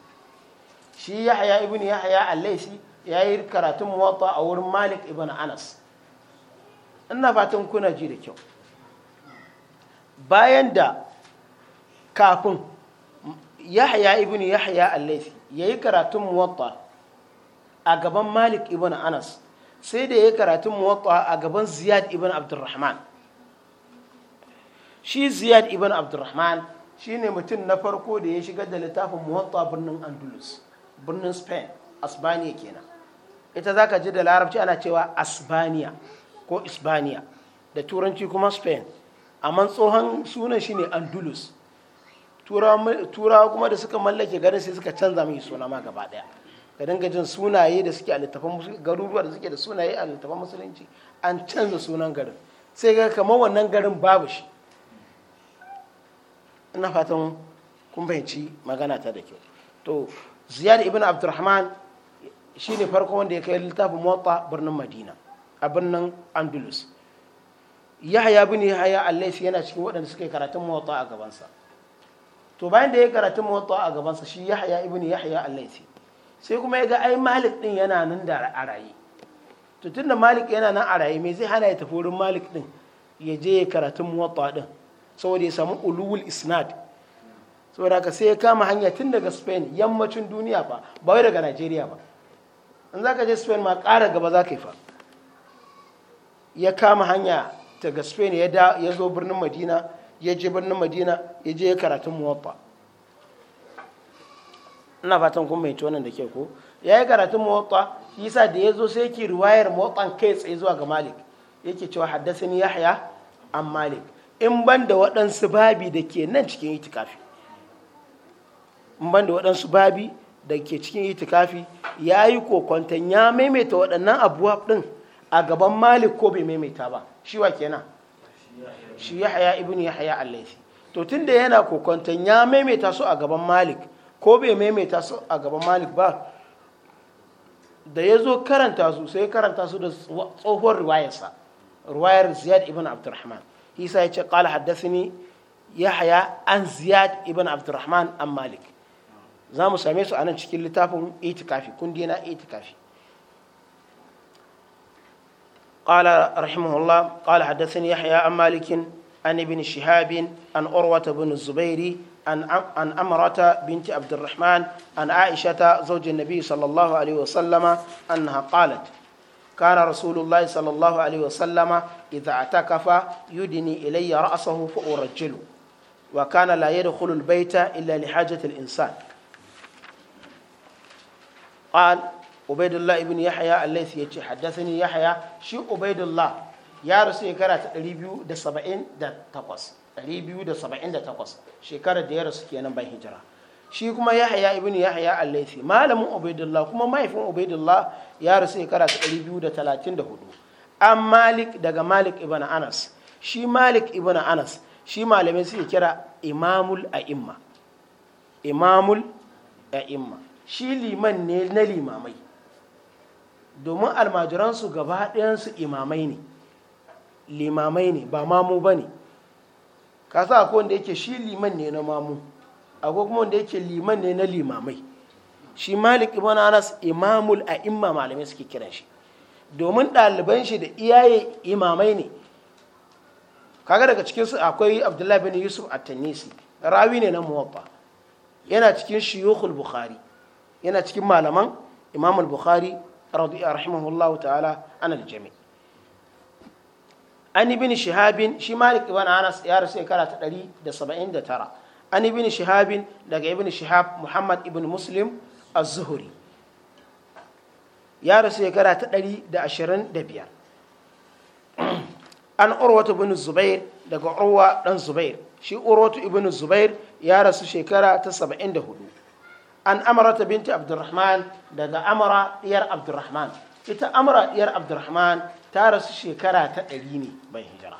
shi yahya ibn yahya al-laisi ya yi karatun muwatta a wurin malik ibn anas ina fatan kuna ji da kyau bayan da kafin yahya ibn yahya al-laisi ya yi karatun muwatta a gaban malik ibn anas sai da ya yi karatun muwatta a gaban ziyad ibn abdurrahman shi ziyad ibn abdurrahman ne mutum na farko da ya shiga da littafin muwatta birnin andalus birnin spain asbaniya kenan ita za ka ji da larabci ana cewa asbaniya ko isbaniya da turanci kuma spain amma tsohon sunan shine andalus turawa kuma da suka mallake garin sai suka canza mai suna ma gaba daya ka dinga jin sunaye da suke a littafin garuruwa da suke da sunaye a musulunci an canza sunan garin sai ga kamar wannan garin babu shi ina fatan kun fahimci magana ta da kyau to ziyar ibn abdurrahman shi ne farko wanda ya kai littafin motsa birnin madina a birnin andalus yahaya ya yahaya allaisi yana cikin waɗanda suka yi karatun motsa a gabansa to bayan da ya yi karatun motsa a gabansa shi yahaya ibn yahaya allaisi sai kuma ya ga ai malik din yana nan da a raye to da malik yana nan a raye me zai hana ya tafi wurin malik din ya je ya karatun motsa din saboda ya samu uluwul isnad saboda haka sai ya kama hanya tun daga spain yammacin duniya ba ba wai daga nigeria ba in za ka je spain ma ƙara gaba za ka yi fa ya kama hanya daga spain ya zo birnin madina ya je birnin madina ya je karatun muwaffa ina fatan kuma mai tonan da ke ko ya yi karatun muwaffa isa da ya zo sai yake ruwayar muwaffan kai tsaye zuwa ga malik yake cewa haddasa ni yahya an malik in ban da waɗansu babi da ke nan cikin itikafi in ban da waɗansu babi da ke cikin itikafi ya yi kokonton ya maimaita waɗannan abuwa ɗin a gaban malik ko bai maimaita ba shi wa kenan shi ya haya ibn ya haya allaisi to tun da yana kokonton ya maimaita su a gaban malik ko bai maimaita su a gaban malik ba da ya zo karanta su sai karanta su da tsohon riwayarsa riwayar ziyad ibn abdurrahman isa ya ce kala haddasini ya haya an ziyad ibn abdurrahman an malik za mu same su a nan cikin littafin itikafi kundina itikafi kala rahimahullah kala haddasini ya haya an malikin an ibn shihabin an urwata bin zubairi an Amarata binti abdurrahman an aishata zaujin nabi sallallahu alaihi wasallama an haƙalat kana rasulullahi sallallahu alaihi wasallama idza atakafa yudini ilayya ra'sahu fa urajjilu wa kana la yadkhulu al-bayta illa li hajati al-insan qal ubaidullah ibn yahya allaythi yace haddathani yahya shi ubaidullah ya rasu shekara ta 278 278 shekarar da ya rasu kenan ban hijira shi kuma yahya ibn yahya al-laythi malamin ubaidullah kuma mahaifin ubaidullah ya rasu shekara ta 234 an malik daga malik ibn anas shi malik ibn anas shi malamai suke kira imamul a'imma imamul a'imma shi liman ne na limamai domin almajiransu gaba ɗayansu imamai ne limamai ne ba mamu ba ne ka sa akwai wanda yake shi liman ne na mamu akwai kuma wanda yake liman ne na limamai shi malik ibn anas imamul a'imma malamai suke kiran shi domin ɗaliban shi da iyaye imamai ne kaga daga cikinsu akwai abdullahi bin yusuf a tanisi rawi ne na muwabba yana cikin shiyukhul bukhari yana cikin malaman imam al-bukhari rahimahullahu ta'ala an al an ibn shahabin shi malik ibn anas ya rasu shekara ta 179 an ibn shahabin daga ibn shihab muhammad ibn muslim az-zuhri ya rasu shekara ta 125 an urwatu ibn zubair daga urwa dan zubair shi urwatu ibn zubair ya rasu shekara ta 74 an amarata binti abdurrahman daga amara diyar abdurrahman ita amara diyar abdurrahman ta rasu shekara ta 100 ne bai hijira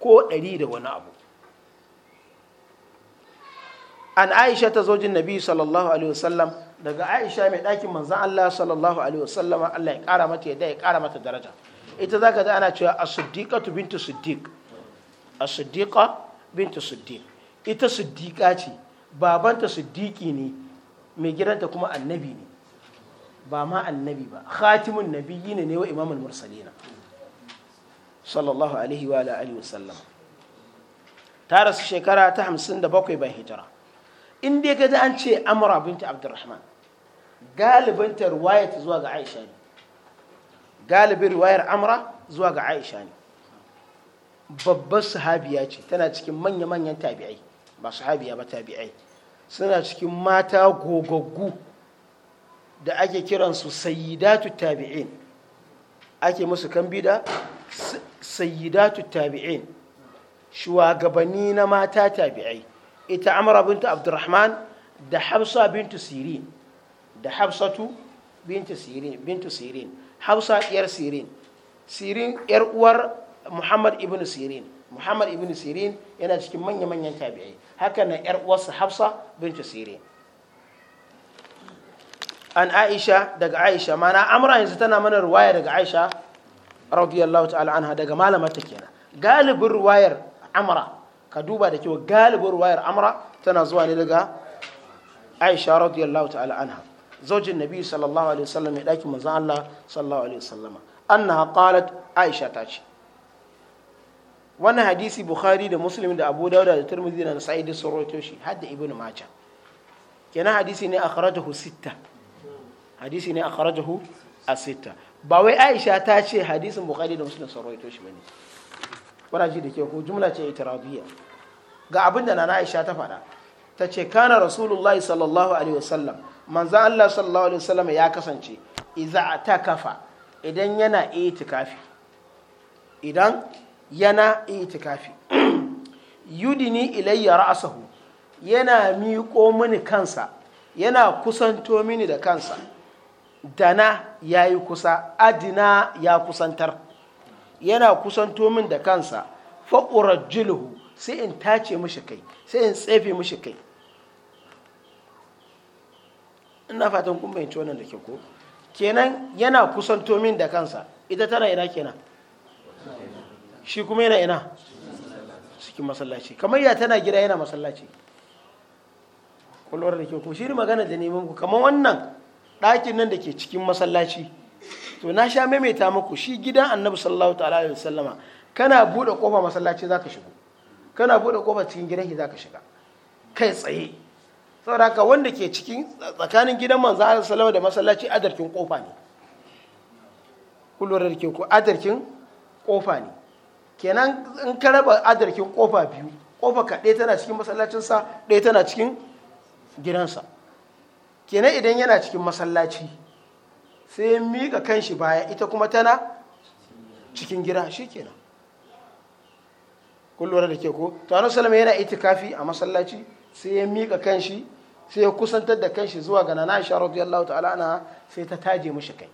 ko 100 da wani abu an aisha ta zojin nabi sallallahu alaihi wasallam daga aisha mai ɗakin manzan allah sallallahu alaihi wasallama allah ya ƙara mata yadda ya kara mata daraja ita za ka ana cewa a tu bintu siddiq a siddiqa bintu siddiq ita siddiqa ce babanta siddiqi ne mai gidanta kuma annabi ne ba ma annabi ba khatimun nabiyyi ne wa imamul mursalina sallallahu alaihi wa alihi ta rasu shekara ta hamsin da 57 bayan hijira in dai ga an ce amra binti abdurrahman galibin ruwaya ta zuwa ga aisha ne galibin riwayar amra zuwa ga aisha ne babbar sahabiya ce tana cikin manya-manyan tabi'ai ba sahabiya ba tabi'ai suna cikin mata gogaggu da ake kiransu sayidatu tabi'in ake musu kambi da sayyidatu tabi'in shugabanni na mata tabi'ai ita amra bintu abdurrahman da hafsa bintu sirin da hafsatu bintu sirin bintu sirin hafsa diyar sirin sirin yar uwar muhammad ibnu sirin muhammad ibnu sirin yana cikin manya manyan tabi'ai haka na yar uwarsa hafsa bintu sirin an aisha daga aisha mana amra yanzu tana mana ruwaya daga aisha radiyallahu ta'ala anha daga malamata kenan galibin ruwayar amra ka duba da kyau galibin ruwayar amra tana zuwa ne daga aisha radiyallahu ta'ala anha zaujin nabi sallallahu alaihi wasallam ya ɗakin manzon Allah sallallahu alaihi wasallam annaha qalat aisha ta ce wannan hadisi bukhari da muslim da abu dauda da turmuzi da nasa'i da soroto shi hadda ibnu maja kenan hadisi ne akhrajahu sitta hadisi ne akhrajahu asitta ba wai aisha ta ce hadisin bukhari da muslim soroto shi bane kuna ji da ke ko jumla ce itiradiyya ga abin da nana aisha ta faɗa ta ce kana rasulullah sallallahu alaihi wasallam manzan Allah sallallahu alaihi wasallam ya kasance idza kafa idan yana itikafi idan yana itikafi yudini ilayya ra'sahu yana miƙo mini kansa yana kusanto mini da kansa dana ya yi kusa adina ya kusantar yana kusanto min da kansa fa'urar jilhu sai in tace mishi kai sai in tsefe mishi kai ina fatan kun bayanci wannan da kyau ko kenan yana kusantomin da kansa ita tana ina kenan shi kuma yana ina cikin masallaci kamar ya tana gida yana masallaci kulwar da kyau ko shi ne magana da neman ku kamar wannan ɗakin nan da ke cikin masallaci to na sha maimaita muku shi gidan annabi sallallahu ta'ala alaihi sallama kana buɗe kofa masallaci zaka shigo kana buɗe kofa cikin gidan shi zaka shiga kai tsaye saboda haka wanda ke cikin tsakanin gidan manzo Allah sallallahu da masallaci adarkin kofa ne kullurar da ko adarkin kofa ne kenan in ka raba adarkin kofa biyu kofa ka ɗaya tana cikin masallacinsa ɗaya tana cikin gidansa kenan idan yana cikin masallaci sai ya mika kanshi baya ita kuma tana cikin gida shi kenan kun da ke ko to annabi sallama yana itikafi a masallaci sai ya mika kanshi sai ya kusantar da kanshi zuwa ga nana Aisha radiyallahu ta'ala ana sai ta taje mishi kai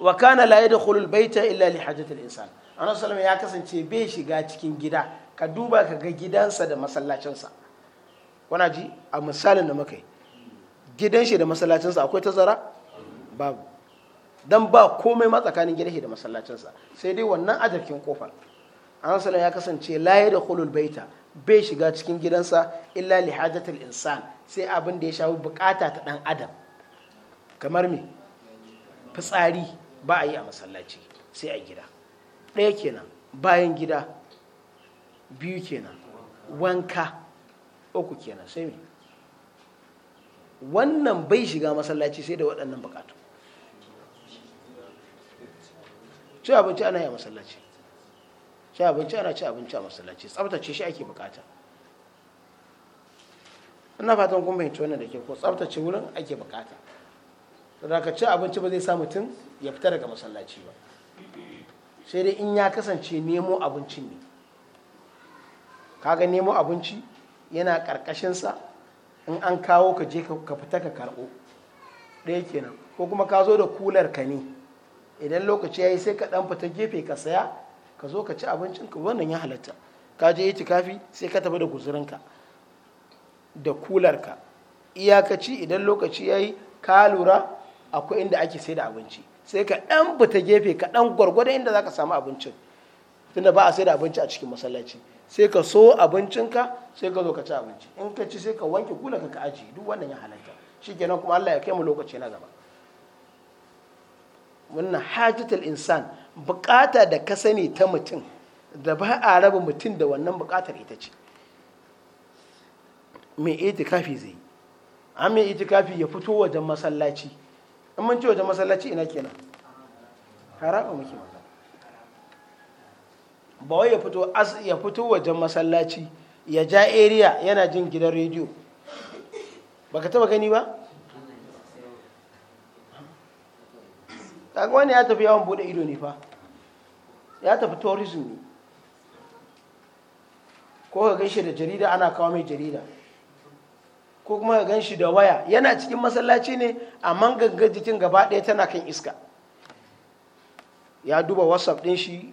wa kana la yadkhulu al illa li hajati al-insan annabi sallama ya kasance bai shiga cikin gida ka duba ka ga gidansa da masallacinsa wana ji a misalin da muka yi gidan shi da masallacinsa akwai tazara babu dan ba komai ma tsakanin gidashi da masallacinsa sai dai wannan ajarkin kofar an sanar ya kasance laye da yadkhulul baita bai shiga cikin gidansa illa li insan sai abin da ya shawo bukata ta dan adam kamar me fitsari ba a yi a masallaci sai a gida ɗaya kenan bayan gida biyu kenan wanka uku kenan sai me wannan bai shiga masallaci sai da waɗannan bukatu ci abinci ana yi a masallaci ci abinci ana ci abinci a masallaci tsabtace shi ake bukata ina fatan kuma yin wannan da ke ko tsabtace wurin ake bukata da ka ci abinci ba zai sa mutum ya fita daga masallaci ba sai dai in ya kasance nemo abincin ne kaga nemo abinci yana karkashinsa in an kawo ka je ka fita ka karɓo ɗaya kenan ko kuma ka zo da kular ka ne idan lokaci ya yi sai ka dan fita gefe ka saya ka zo ka ci abincin ka wannan ya halatta ka je itikafi sai ka tafi da guzurinka da kularka iyakaci idan lokaci ya yi ka lura akwai inda ake sai da abinci sai ka dan fita gefe ka ɗan gwargwadon inda za ka samu abincin tunda ba a sai da abinci a cikin masallaci sai ka so abincinka sai ka zo ka ci abinci in ka ci sai ka wanke kularka ka ajiye duk wannan ya halatta kenan kuma Allah ya kai mu lokaci na gaba wannan hajjital insan bukata da ka sani ta mutum da ba a raba mutum da wannan bukatar ita ce mai kafi zai yi an mai kafi ya fito wajen masallaci in mun ci wajen masallaci ina kenan haraba muke mata ba wai ya fito ya fito wajen masallaci ya ja area yana jin gidan rediyo baka taba gani ba kaga wani ya tafi yawon bude ido ne fa ya tafi tourism ne ko ga ganshi da jarida ana kawo mai jarida ko kuma ga ganshi da waya yana cikin masallaci ne amma gangar jikin gaba daya tana kan iska ya duba whatsapp din shi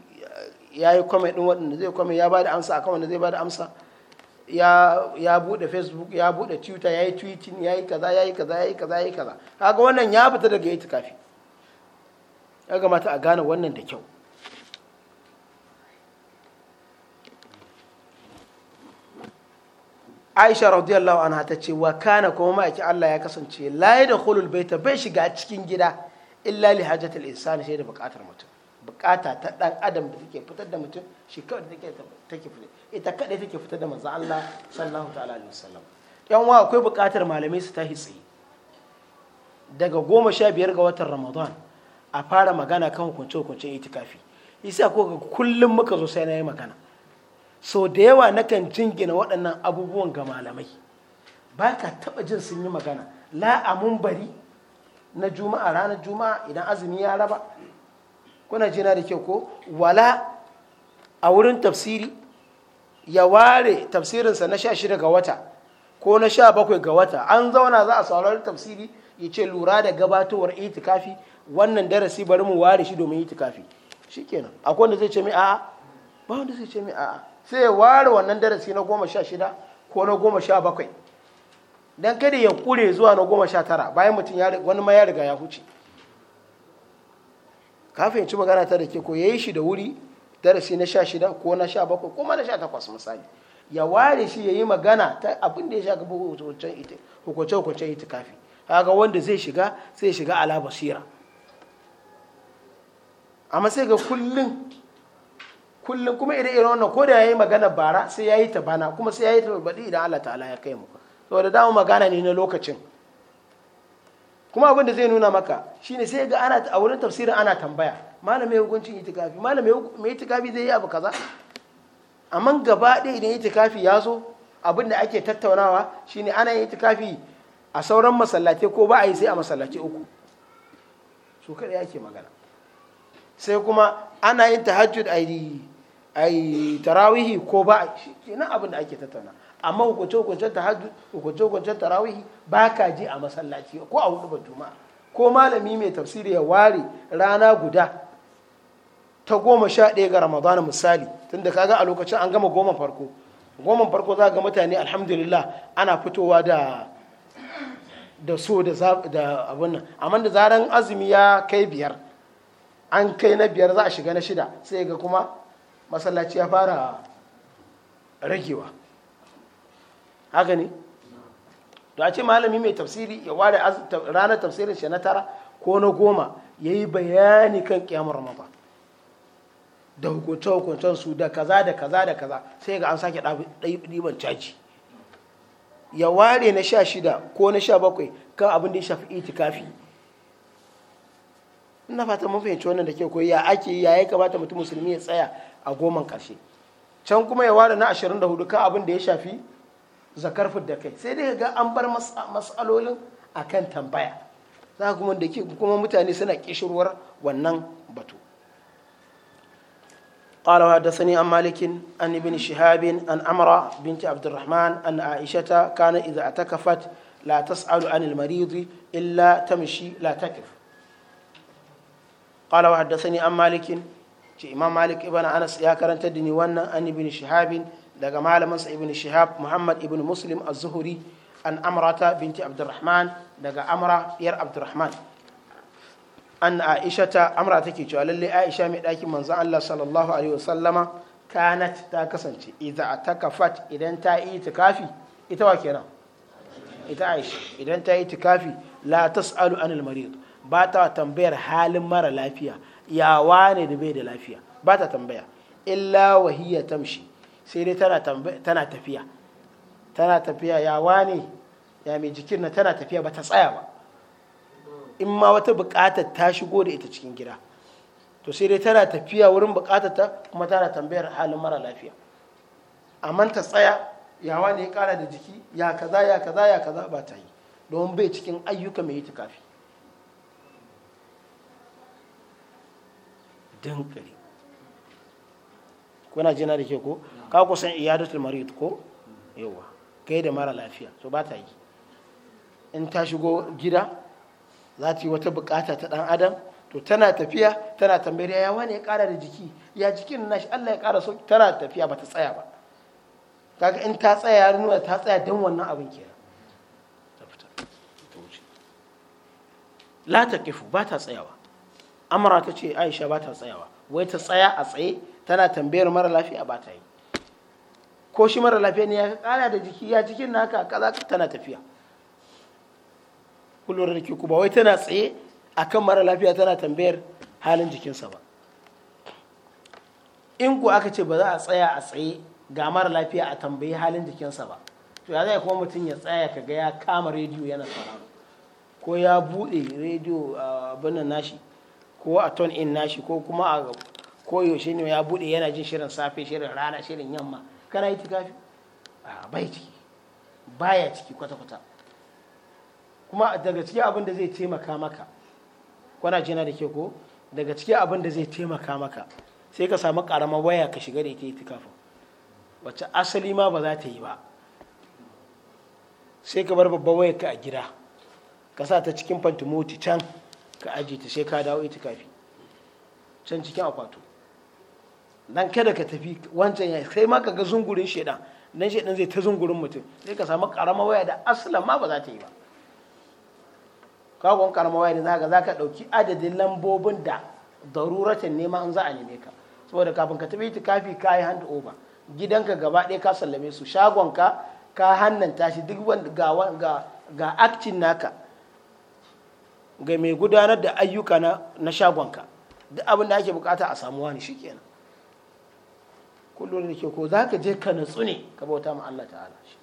ya yi kwame din waɗanda zai kwame ya ba da amsa akan wanda zai ba da amsa ya bude facebook ya bude twitter ya yi tweeting ya yi kaza ya yi kaza ya yi kaza ya yi kaza kaga wannan ya fita daga itikafi ya kamata a gane wannan da kyau aisha radiyallahu anha ta ce wa kana kuma ma'aiki allah ya kasance layi ya da hulul baita bai shiga cikin gida illa li hajjatul insani sai da bukatar mutum bukata ta dan adam da take fitar da mutum shi kawai take take fitar ita kadai take fitar da manzo allah sallallahu ta'ala alaihi wasallam yan wa akwai bukatar malamai su ta tsaye daga goma sha biyar ga watan ramadan a fara magana kan hukunce hukuncen itikafi isa ko ga kullum muka zo sai na yi magana so da yawa nakan jingina waɗannan abubuwan ga malamai ba ka taɓa jin sun yi magana la'amun bari na juma'a ranar juma'a idan azumi ya raba kuna jina da kyau ko wala a wurin tafsiri ya ware tafsirinsa na sha shida ga wata ko na sha bakwai ga wata an zauna za a saurari tafsiri ya ce lura da gabatowar itikafi wannan darasi bari mu ware shi domin yi shi kenan akwai wanda zai ce mi a'a ba wanda zai ce mi a'a sai ya ware wannan darasi na goma sha shida ko na goma sha bakwai dan kada ya kure zuwa na goma sha tara bayan mutum ya wani ma ya riga ya huce kafin ci magana ta da ke ko ya yi shi da wuri darasi na sha shida ko na sha bakwai ko na sha takwas misali ya ware shi ya yi magana ta abin da ya shaga hukuncen hukuncen itikafi haka wanda zai shiga sai shiga ala basira amma sai ga kullum kullum kuma idan irin wannan koda ya yayi magana bara sai yayi ta bana kuma sai yayi ta baɗi idan Allah ta'ala ya kai mu saboda dama magana ne na lokacin kuma abin da zai nuna maka shine sai ga ana a wurin tafsirin ana tambaya malamai hukuncin itikafi malamai mai itikafi zai yi abu kaza amma gaba ɗaya idan itikafi ya zo abin da ake tattaunawa shine ana yin itikafi a sauran masallatai ko ba a yi sai a masallaci uku su kaɗai ake magana sai kuma ana yin tahajjud a yi tarawihi ko ba a shi kenan abin da ake tattauna amma hukunce hukunce tarawihi ba ka ji a masallaci ko a hudu juma'a ko malami mai tafsiri ya ware rana guda ta goma sha ɗaya ga ramadana misali tunda kaga a lokacin an gama goma farko goma farko za ga mutane alhamdulillah ana fitowa da da so da abin nan amma da zaren azumi ya kai biyar an kai na biyar za a shiga na shida sai ga kuma masallaci ya fara ragewa haka ne to a ce malami mai tafsiri ya ware ranar tafsirin shi na tara ko na goma ya yi bayani kan kyamar mafa da hukunce su da kaza da kaza da kaza sai ga an sake ɗiban caji ya ware na sha shida ko na sha bakwai kan abin da ya shafi itikafi ina fata mun fahimci wannan da ke koyi ya ake ya ya kamata mutum musulmi ya tsaya a goman karshe can kuma ya ware na 24 ka abin da ya shafi zakar da kai sai dai ga an bar matsalolin kan tambaya za kuma da ke kuma mutane suna kishirwar wannan batu قال وحدثني عن مالك عن ابن شهاب عن an بنت عبد الرحمن أن عائشة كان إذا اعتكفت لا تسأل عن المريض إلا تمشي لا تكف qala wa haddathani an malikin ce imam malik ibn anas ya karanta da ni wannan an ibn shihabin daga malamin sa ibn shihab muhammad ibn muslim az-zuhri an amrata binti abdurrahman daga amra yar abdurrahman an aisha ta amra take cewa lalle aisha mai ɗakin manzon allah sallallahu alaihi wasallama kanat ta kasance idza idan ta yi itikafi ita wa kenan ita aisha la tas'alu anil marid ba ta tambayar halin mara lafiya ya wane da bai da lafiya ba ta tambaya illa wahiya tamshi sai dai tana tafiya tana tafiya ya wane ya mai jikin na tana tafiya ba ta tsaya ba in ma wata bukatar ta shigo da ita cikin gida to sai dai tana tafiya wurin bukatar ta kuma tana tambayar halin mara lafiya amma ta tsaya ya wane ya kara da jiki ya kaza ya kaza ya kaza ba ta yi don bai cikin ayyuka mai kafi? dankali kuna jina da ke ko ka kusan iyadatul marid ko yawa kai da mara lafiya so ba ta yi in ta shigo gida za ta yi wata bukata ta dan adam to tana tafiya tana tambayar ya wani ya kara da jiki ya jikin nashi Allah ya kara so tana tafiya ba ta tsaya ba kaga in ta tsaya ya nuna ta tsaya don wannan abin kenan ta ba ta tsayawa amara ta ce aisha ba ta tsayawa wai ta tsaya a tsaye tana tambayar mara lafiya ba ta yi ko shi mara lafiya ne ya kala da jiki ya cikin naka kaza tana tafiya kullum da ke kuma wai tana tsaye akan mara lafiya tana tambayar halin jikinsa ba in ku aka ce ba za a tsaya a tsaye ga mara lafiya a tambayi halin jikinsa ba to ya zai kuma mutum ya tsaya ka ga ya kama rediyo yana sauraro ko ya buɗe rediyo ah, abin nan nashi ko a ton in nashi ko kuma a yaushe ne ya bude yana jin shirin safe shirin rana shirin yamma kana yi tikafi a bai ciki baya ciki kwata-kwata kuma daga ciki abin da zai taimaka maka kwana jina da ke ko daga ciki abin da zai taimaka maka sai ka samu karama waya ka shiga da ita yi tikafi wacce asali ma ba za ta yi ba sai ka bar babban ka a gida ka sa ta cikin fantimoti can ka ajiye ta sai ka dawo kafi can cikin akwato nan kada ka tafi wancan ya sai ma ka ga zungurin shaidan nan shaidan zai ta zungurin mutum sai ka samu karama waya da asalin ma ba za ta yi ba kagon karama waya da zaka ka dauki adadin lambobin da daruratan nema in za a neme ka saboda kafin ka tafi ita kafi ka yi hand over gidanka gaba ɗaya ka sallame su shagon ka ka hannanta shi duk wanda ga aktin naka ga mai gudanar da ayyuka na shagonka duk abin da ake bukata a samuwa ne shi kenan kullum da ke ko za je ka natsu ne ka bauta ma Allah ta'ala shi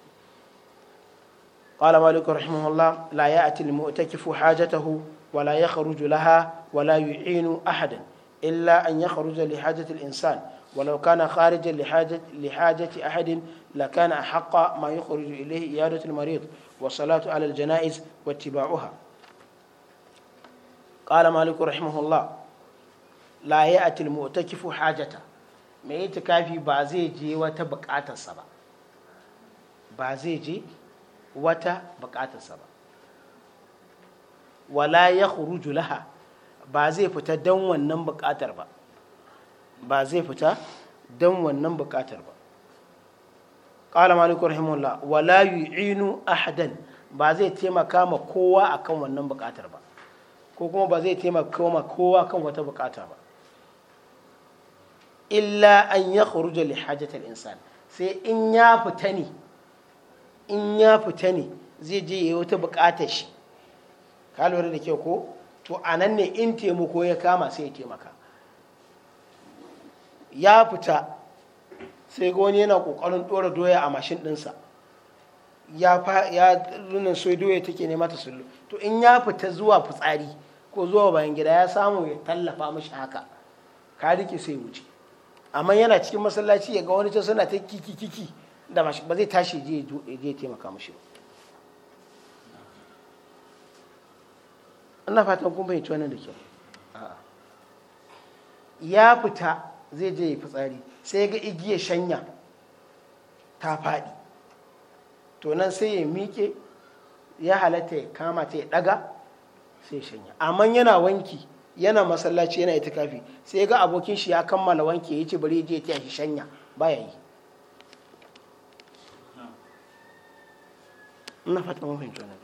ƙwala malikun rahimahullah la ya ati limu ta kifu hajjatahu wala ya kharuju laha wala yi inu ahadin illa an ya kharuja li hajjatul insan walau kana kharijin li hajjati ahadin la kana haqqa ma yi kharuju ilahi iyadatul marid wa salatu alal jana'iz wa tiba'uha قال مالك رحمه الله لا يأتي المؤتكف حاجته mai itikafi ba zai je wata bukatarsa ba ba zai je wata bukatarsa ba wala ya khuruju laha ba zai fita don wannan bukatar ba ba zai fita don wannan bukatar ba qala maliku rahimahullah wala yu'inu ahadan ba zai taimaka ma kowa akan wannan bukatar ba ko kuma ba zai taimaka ma kowa kan wata bukata ba illa an ya khuruja li hajatil insan sai in ya fita ne in ya fita ne zai je yi wata bukatar shi ka lura da kyau ko to anan ne in taimako ya kama sai ya taimaka ya fita sai goni wani yana kokarin dora doya a mashin sa ya runan soy doya take ne mata sullu to in ya fita zuwa fitsari ko zuwa bayan gida ya samu ya tallafa mashi haka ka rike sai wuce amma yana cikin masallaci ya ga wani can suna ta kiki kiki da ba zai tashi je je taimaka mashi ina fatan kun fahimci wannan da kyau ya fita zai je ya fitsari sai ga igiya shanya ta faɗi to sai ya miƙe ya halatta ya kama ta ya ɗaga sai shanya amma yana wanki yana masallaci yana kafi sai ga abokin shi ya kammala wanki ya ce bari je ya shi shanya baya yi ina fata mafi fahimci wannan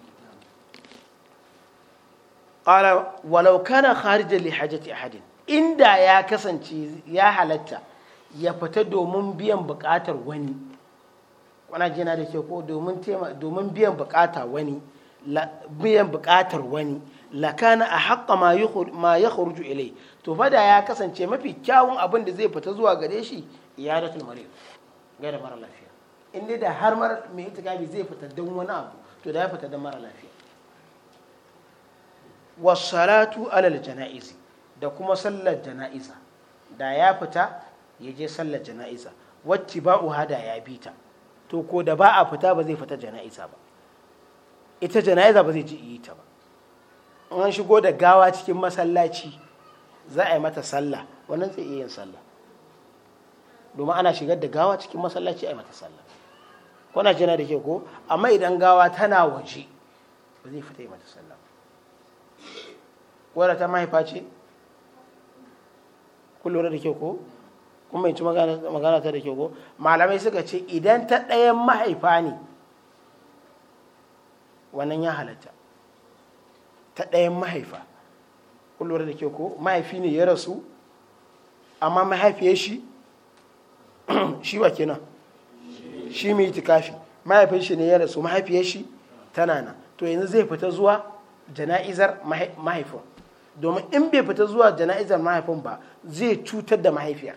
qala walau kana kharijan li hajati ahadin inda ya kasance ya halatta ya fita domin biyan bukatar wani wana jina da ke ko domin biyan bukata wani biyan bukatar wani lakana a haƙa ma ya khurju ilai to fada ya kasance mafi kyawun abin da zai fita zuwa gare shi ya iyadatul marid ga da mara lafiya inda da har mara mai itikafi zai fita don wani abu to da ya fita don mara lafiya wasalatu alal jana'izi da kuma sallar jana'iza da ya fita ya je sallar jana'iza wacce ba u hada ya bi ta to ko da ba a fita ba zai fita jana'iza ba ita jana'iza ba zai ji yi ta ba an shigo da gawa cikin masallaci za a yi mata sallah wannan zai iya yin sallah domin ana shigar da gawa cikin masallaci a yi mata sallah kuna jina da ke ko amma idan gawa tana waje ba zai fita yi mata sallah wadda ta mahaifa ce Kullum lura da ke ko kuma mai ci magana ta da ke ko malamai suka ce idan ta ɗayan mahaifa ne wannan ya halatta ta ɗayan mahaifa kullum da ke ko mahaifi ne ya rasu amma ya shi shi wa kenan shi mai itikafi mahaifin shi ne ya rasu ya shi tana na to yanzu zai fita zuwa jana'izar mahaifin domin in bai fita zuwa jana'izar mahaifin ba zai cutar da mahaifiyar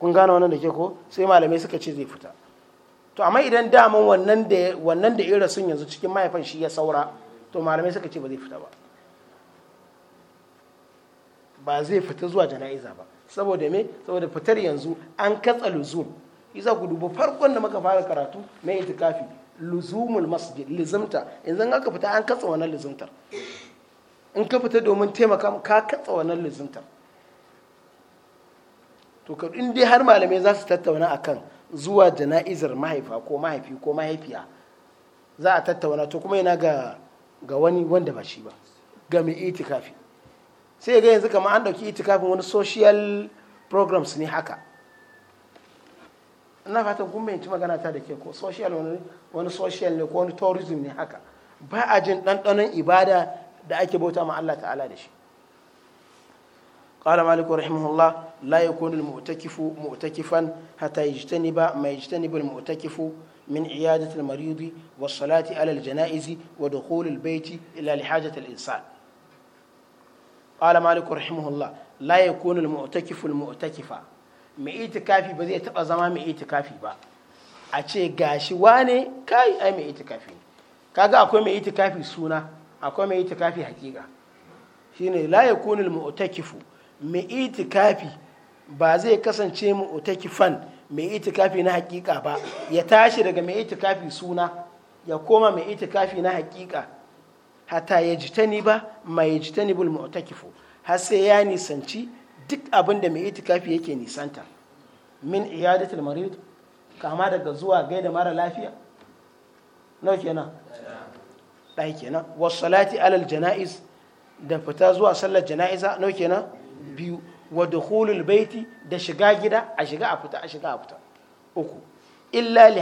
kun gane wannan da ke ko sai malamai suka ce zai fita to amma idan daman wannan da wannan da irin sun yanzu cikin mahaifan shi ya saura to malamai suka ce ba zai fita ba ba zai fita zuwa jana'iza ba saboda me saboda fitar yanzu an katsa luzum iza ku duba farkon da muka fara karatu mai itikafi luzumul masjid lizumta yanzu aka fita an katsa wannan lizumtar in ka fita domin taimaka ka katsa wannan lizumtar to in dai har malamai za su tattauna akan zuwa jana'izar mahaifa ko mahaifi ko mahaifiya za a tattauna to kuma yana ga ga wani wanda ba shi ba ga mai itikafi sai ga yanzu kamar an dauki itikafin wani social programs ne haka ina fatan kun bayyanci magana ta da ke ko social wani social ne ko wani tourism ne haka ba a jin ɗanɗanon ibada da ake bauta ma Allah ta'ala da shi قال مالك رحمه الله لا يكون المعتكف معتكفا حتى يجتنب ما يجتنب المعتكف من عيادة المريض والصلاة على الجنائز ودخول البيت إلا لحاجة الإنسان قال مالك رحمه الله لا يكون المعتكف المعتكفا mai itikafi ba zai taba zama mai itikafi ba a ce gashi wane kai ai mai itikafi kaga akwai mai itikafi suna akwai mai itikafi hakika shine la yakunu al-mu'takifu mai itikafi ba zai kasance mu fan mai itikafi na hakika ba ya tashi daga mai itikafi suna ya koma mai itikafi na hakika hata ya jita ni ba mai ya jitani bul mu'takifu har sai ya nisanci duk abin da mai itikafi yake nisanta min iyadatul marid kama daga zuwa gaida mara lafiya kenan ɗaya kenan wasu alal jana'iz da fita zuwa sallar jana'iza nau kenan biyu wa dukhulul baiti da shiga gida a shiga a fita a shiga a fita uku illa li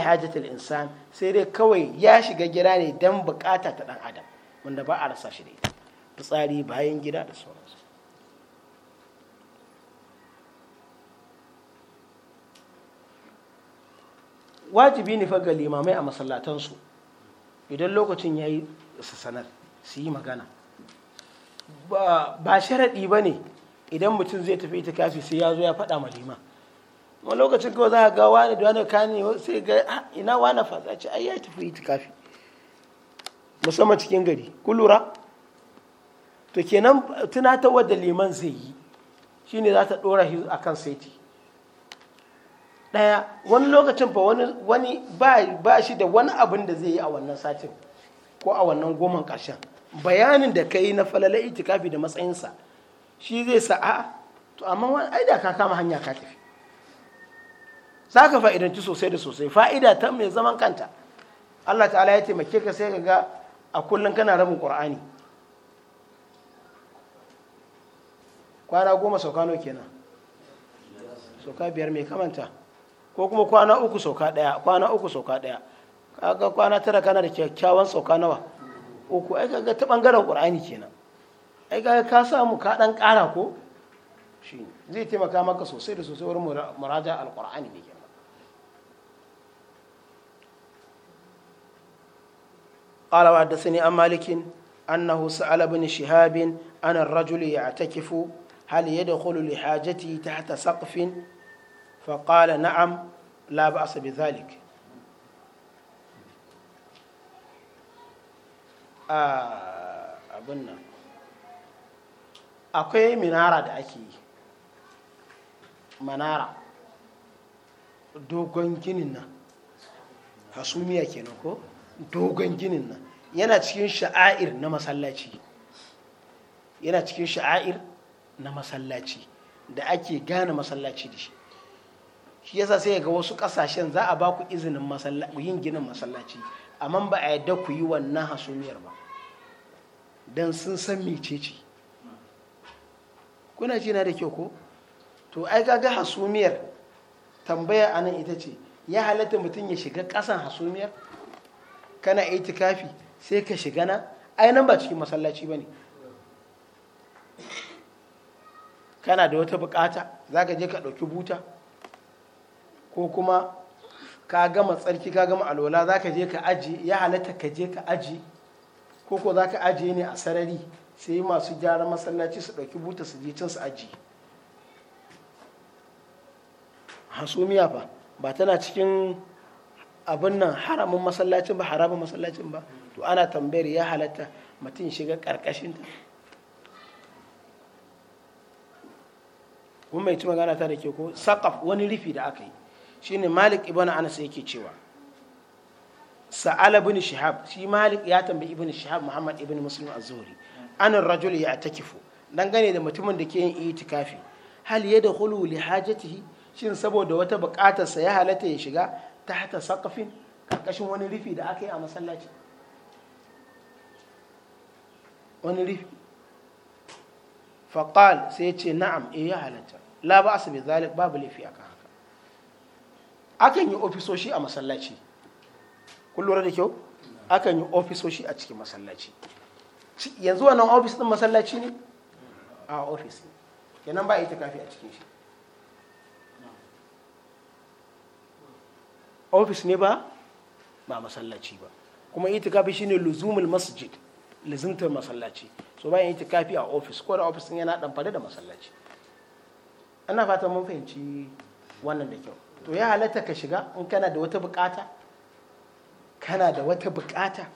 insan sai dai kawai ya shiga gida ne dan bukata ta dan adam wanda ba a rasa shi ne fitsari bayan gida da sauransu wajibi ne fa limamai a masallatansu idan lokacin ya yi su su yi magana ba sharaɗi ba ne idan mutum zai tafi ita kafi sai ya zo ya faɗa ma lima wani lokacin kawai za a ga wani da wani kani sai ga ina wani fasa ce ai ya tafi ita kafi musamman cikin gari kulura to kenan ta wadda liman zai yi shine za ta ɗora shi a kan saiti ɗaya wani lokacin fa wani ba shi da wani abin da zai yi a wannan satin ko a wannan goman ƙarshen bayanin da ka yi na falala itikafi da matsayinsa shi zai sa'a to amma wani aida ka kama hanya ka tafi za ka fa'idanci sosai da sosai fa'ida ta mai zaman kanta Allah ta'ala ya taimake ka sai ka ga a kullum kana rabin ƙur'ani kwana goma sauka nau kenan sauka biyar mai kamanta ko kuma kwana uku sauka ɗaya kwana uku sauka ɗaya kaga kwana tara kana da kyakkyawan sauka nawa uku ai kaga ta ɓangaren ƙur'ani kenan ai ga ka samu ka ɗan kara ko shi zai taimaka maka sosai da sosai wurin muraja alqur'ani ne kenan qala wa dasani an malikin annahu sa'ala bin shihab an ar-rajul ya'takifu hal yadkhulu li hajati tahta saqfin fa qala na'am la ba'as akwai minara da ake yi manara dogon ginin nan hasumiya kenan ko dogon ginin nan yana cikin sha'air na masallaci yana cikin sha'air na masallaci da ake gane masallaci da shi shi yasa sai ga wasu kasashen za a ba ku izinin yin ginin masallaci amma ba a yadda ku yi wannan hasumiyar ba don sun san mecece kuna jina da kyau ko to ai kaga hasumiyar tambaya a nan ita ce ya halatta mutum ya shiga ƙasan hasumiyar kana itikafi sai ka shiga na ai nan ba cikin masallaci ba ne kana da wata bukata za ka je ka ɗauki buta ko kuma ka gama tsarki ka gama alwala za ka je ka aji ya halatta ka je ka aji ko ko za ka aji ne a sarari sai masu gyaran masallaci su ɗauki buta su je can su aji hasumiya fa ba tana cikin abin nan haramin masallacin ba haramin masallacin ba to ana tambayar ya halatta mutum shiga ƙarƙashinta kuma mai ci magana ta da ke ko saƙaf wani rufi da aka yi shine malik ibn anas yake cewa sa'ala ibn shihab shi malik ya tambayi ibn shihab muhammad ibn muslim az-zuhri anin rajul ya atakifu dangane da mutumin da ke yin itikafi hal ya da hulu li hajatihi shin saboda wata bukatarsa ya halatta ya shiga ta hata sakafin karkashin wani rufi da aka yi a masallaci wani rufi faƙal sai ce na'am e ya halatta la ba su zalik babu a kan haka akan yi ofisoshi a masallaci kullum da kyau akan yi ofisoshi a cikin masallaci yanzu wannan ofis din masallaci ne a ofis kenan ba ita kafi a cikin shi ofis ne ba ba masallaci ba kuma ita shi shine luzumul masjid luzumtar masallaci so bayan ita kafi a ofis ko da ofis din yana fare da masallaci ana fatan mun fahimci wannan da kyau to ya halatta ka shiga in kana da wata bukata kana da wata bukata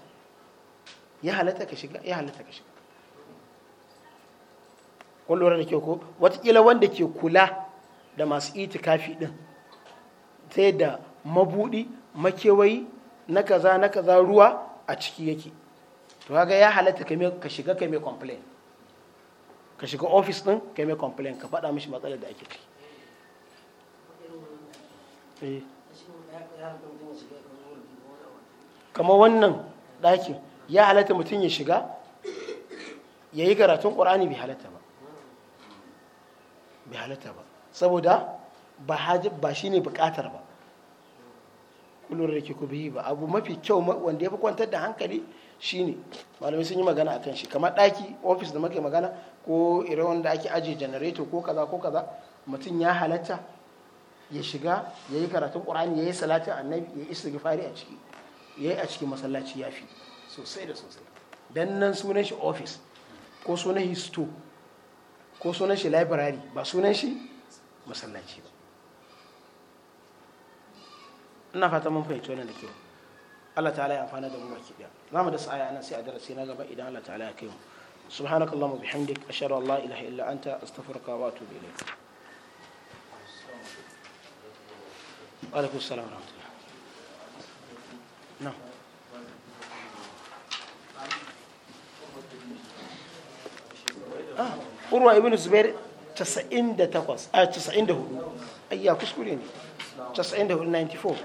ya halatta ka shiga ya halatta ka shiga kun lura da ke ko watakila wanda ke kula da masu itikafi din sai da mabudi makewayi na kaza na kaza ruwa a ciki yake to kaga ya halatta ka shiga ka mai complain ka shiga ofis din ka mai complain ka faɗa mishi matsalar da ake ciki eh. kamar wannan ɗakin ya halatta mutum ya shiga ya yi karatun ƙorani bai halatta ba bai halatta ba saboda ba shi ne bukatar ba ƙulun da ku biyi ba abu mafi kyau wanda ya fi kwantar da hankali shine malamai sun yi magana a kan shi kamar ɗaki ofis da maka magana ko irin wanda ake ajiye janareto ko kaza ko kaza mutum ya halatta ya shiga ya yi karatun ƙur'ani ya yi salatin annabi ya yi fari a ciki ya yi a cikin masallaci ya fi sosai da sosai dan nan sunan shi office ko sunan shi store ko sunan shi library ba sunan shi masallaci ba ina fata mun fahimci wannan da kyau Allah ta'ala ya amfana da mu baki daya za mu da sa'aya nan sai a darasi na gaba idan Allah ta'ala ya kai mu سبحانك اللهم وبحمدك أشهد أن لا إله إلا أنت أستغفرك وأتوب إليك وعليكم السلام ورحمة الله نعم urwa ibn zubair 98 a 94 ayya kuskure ne 94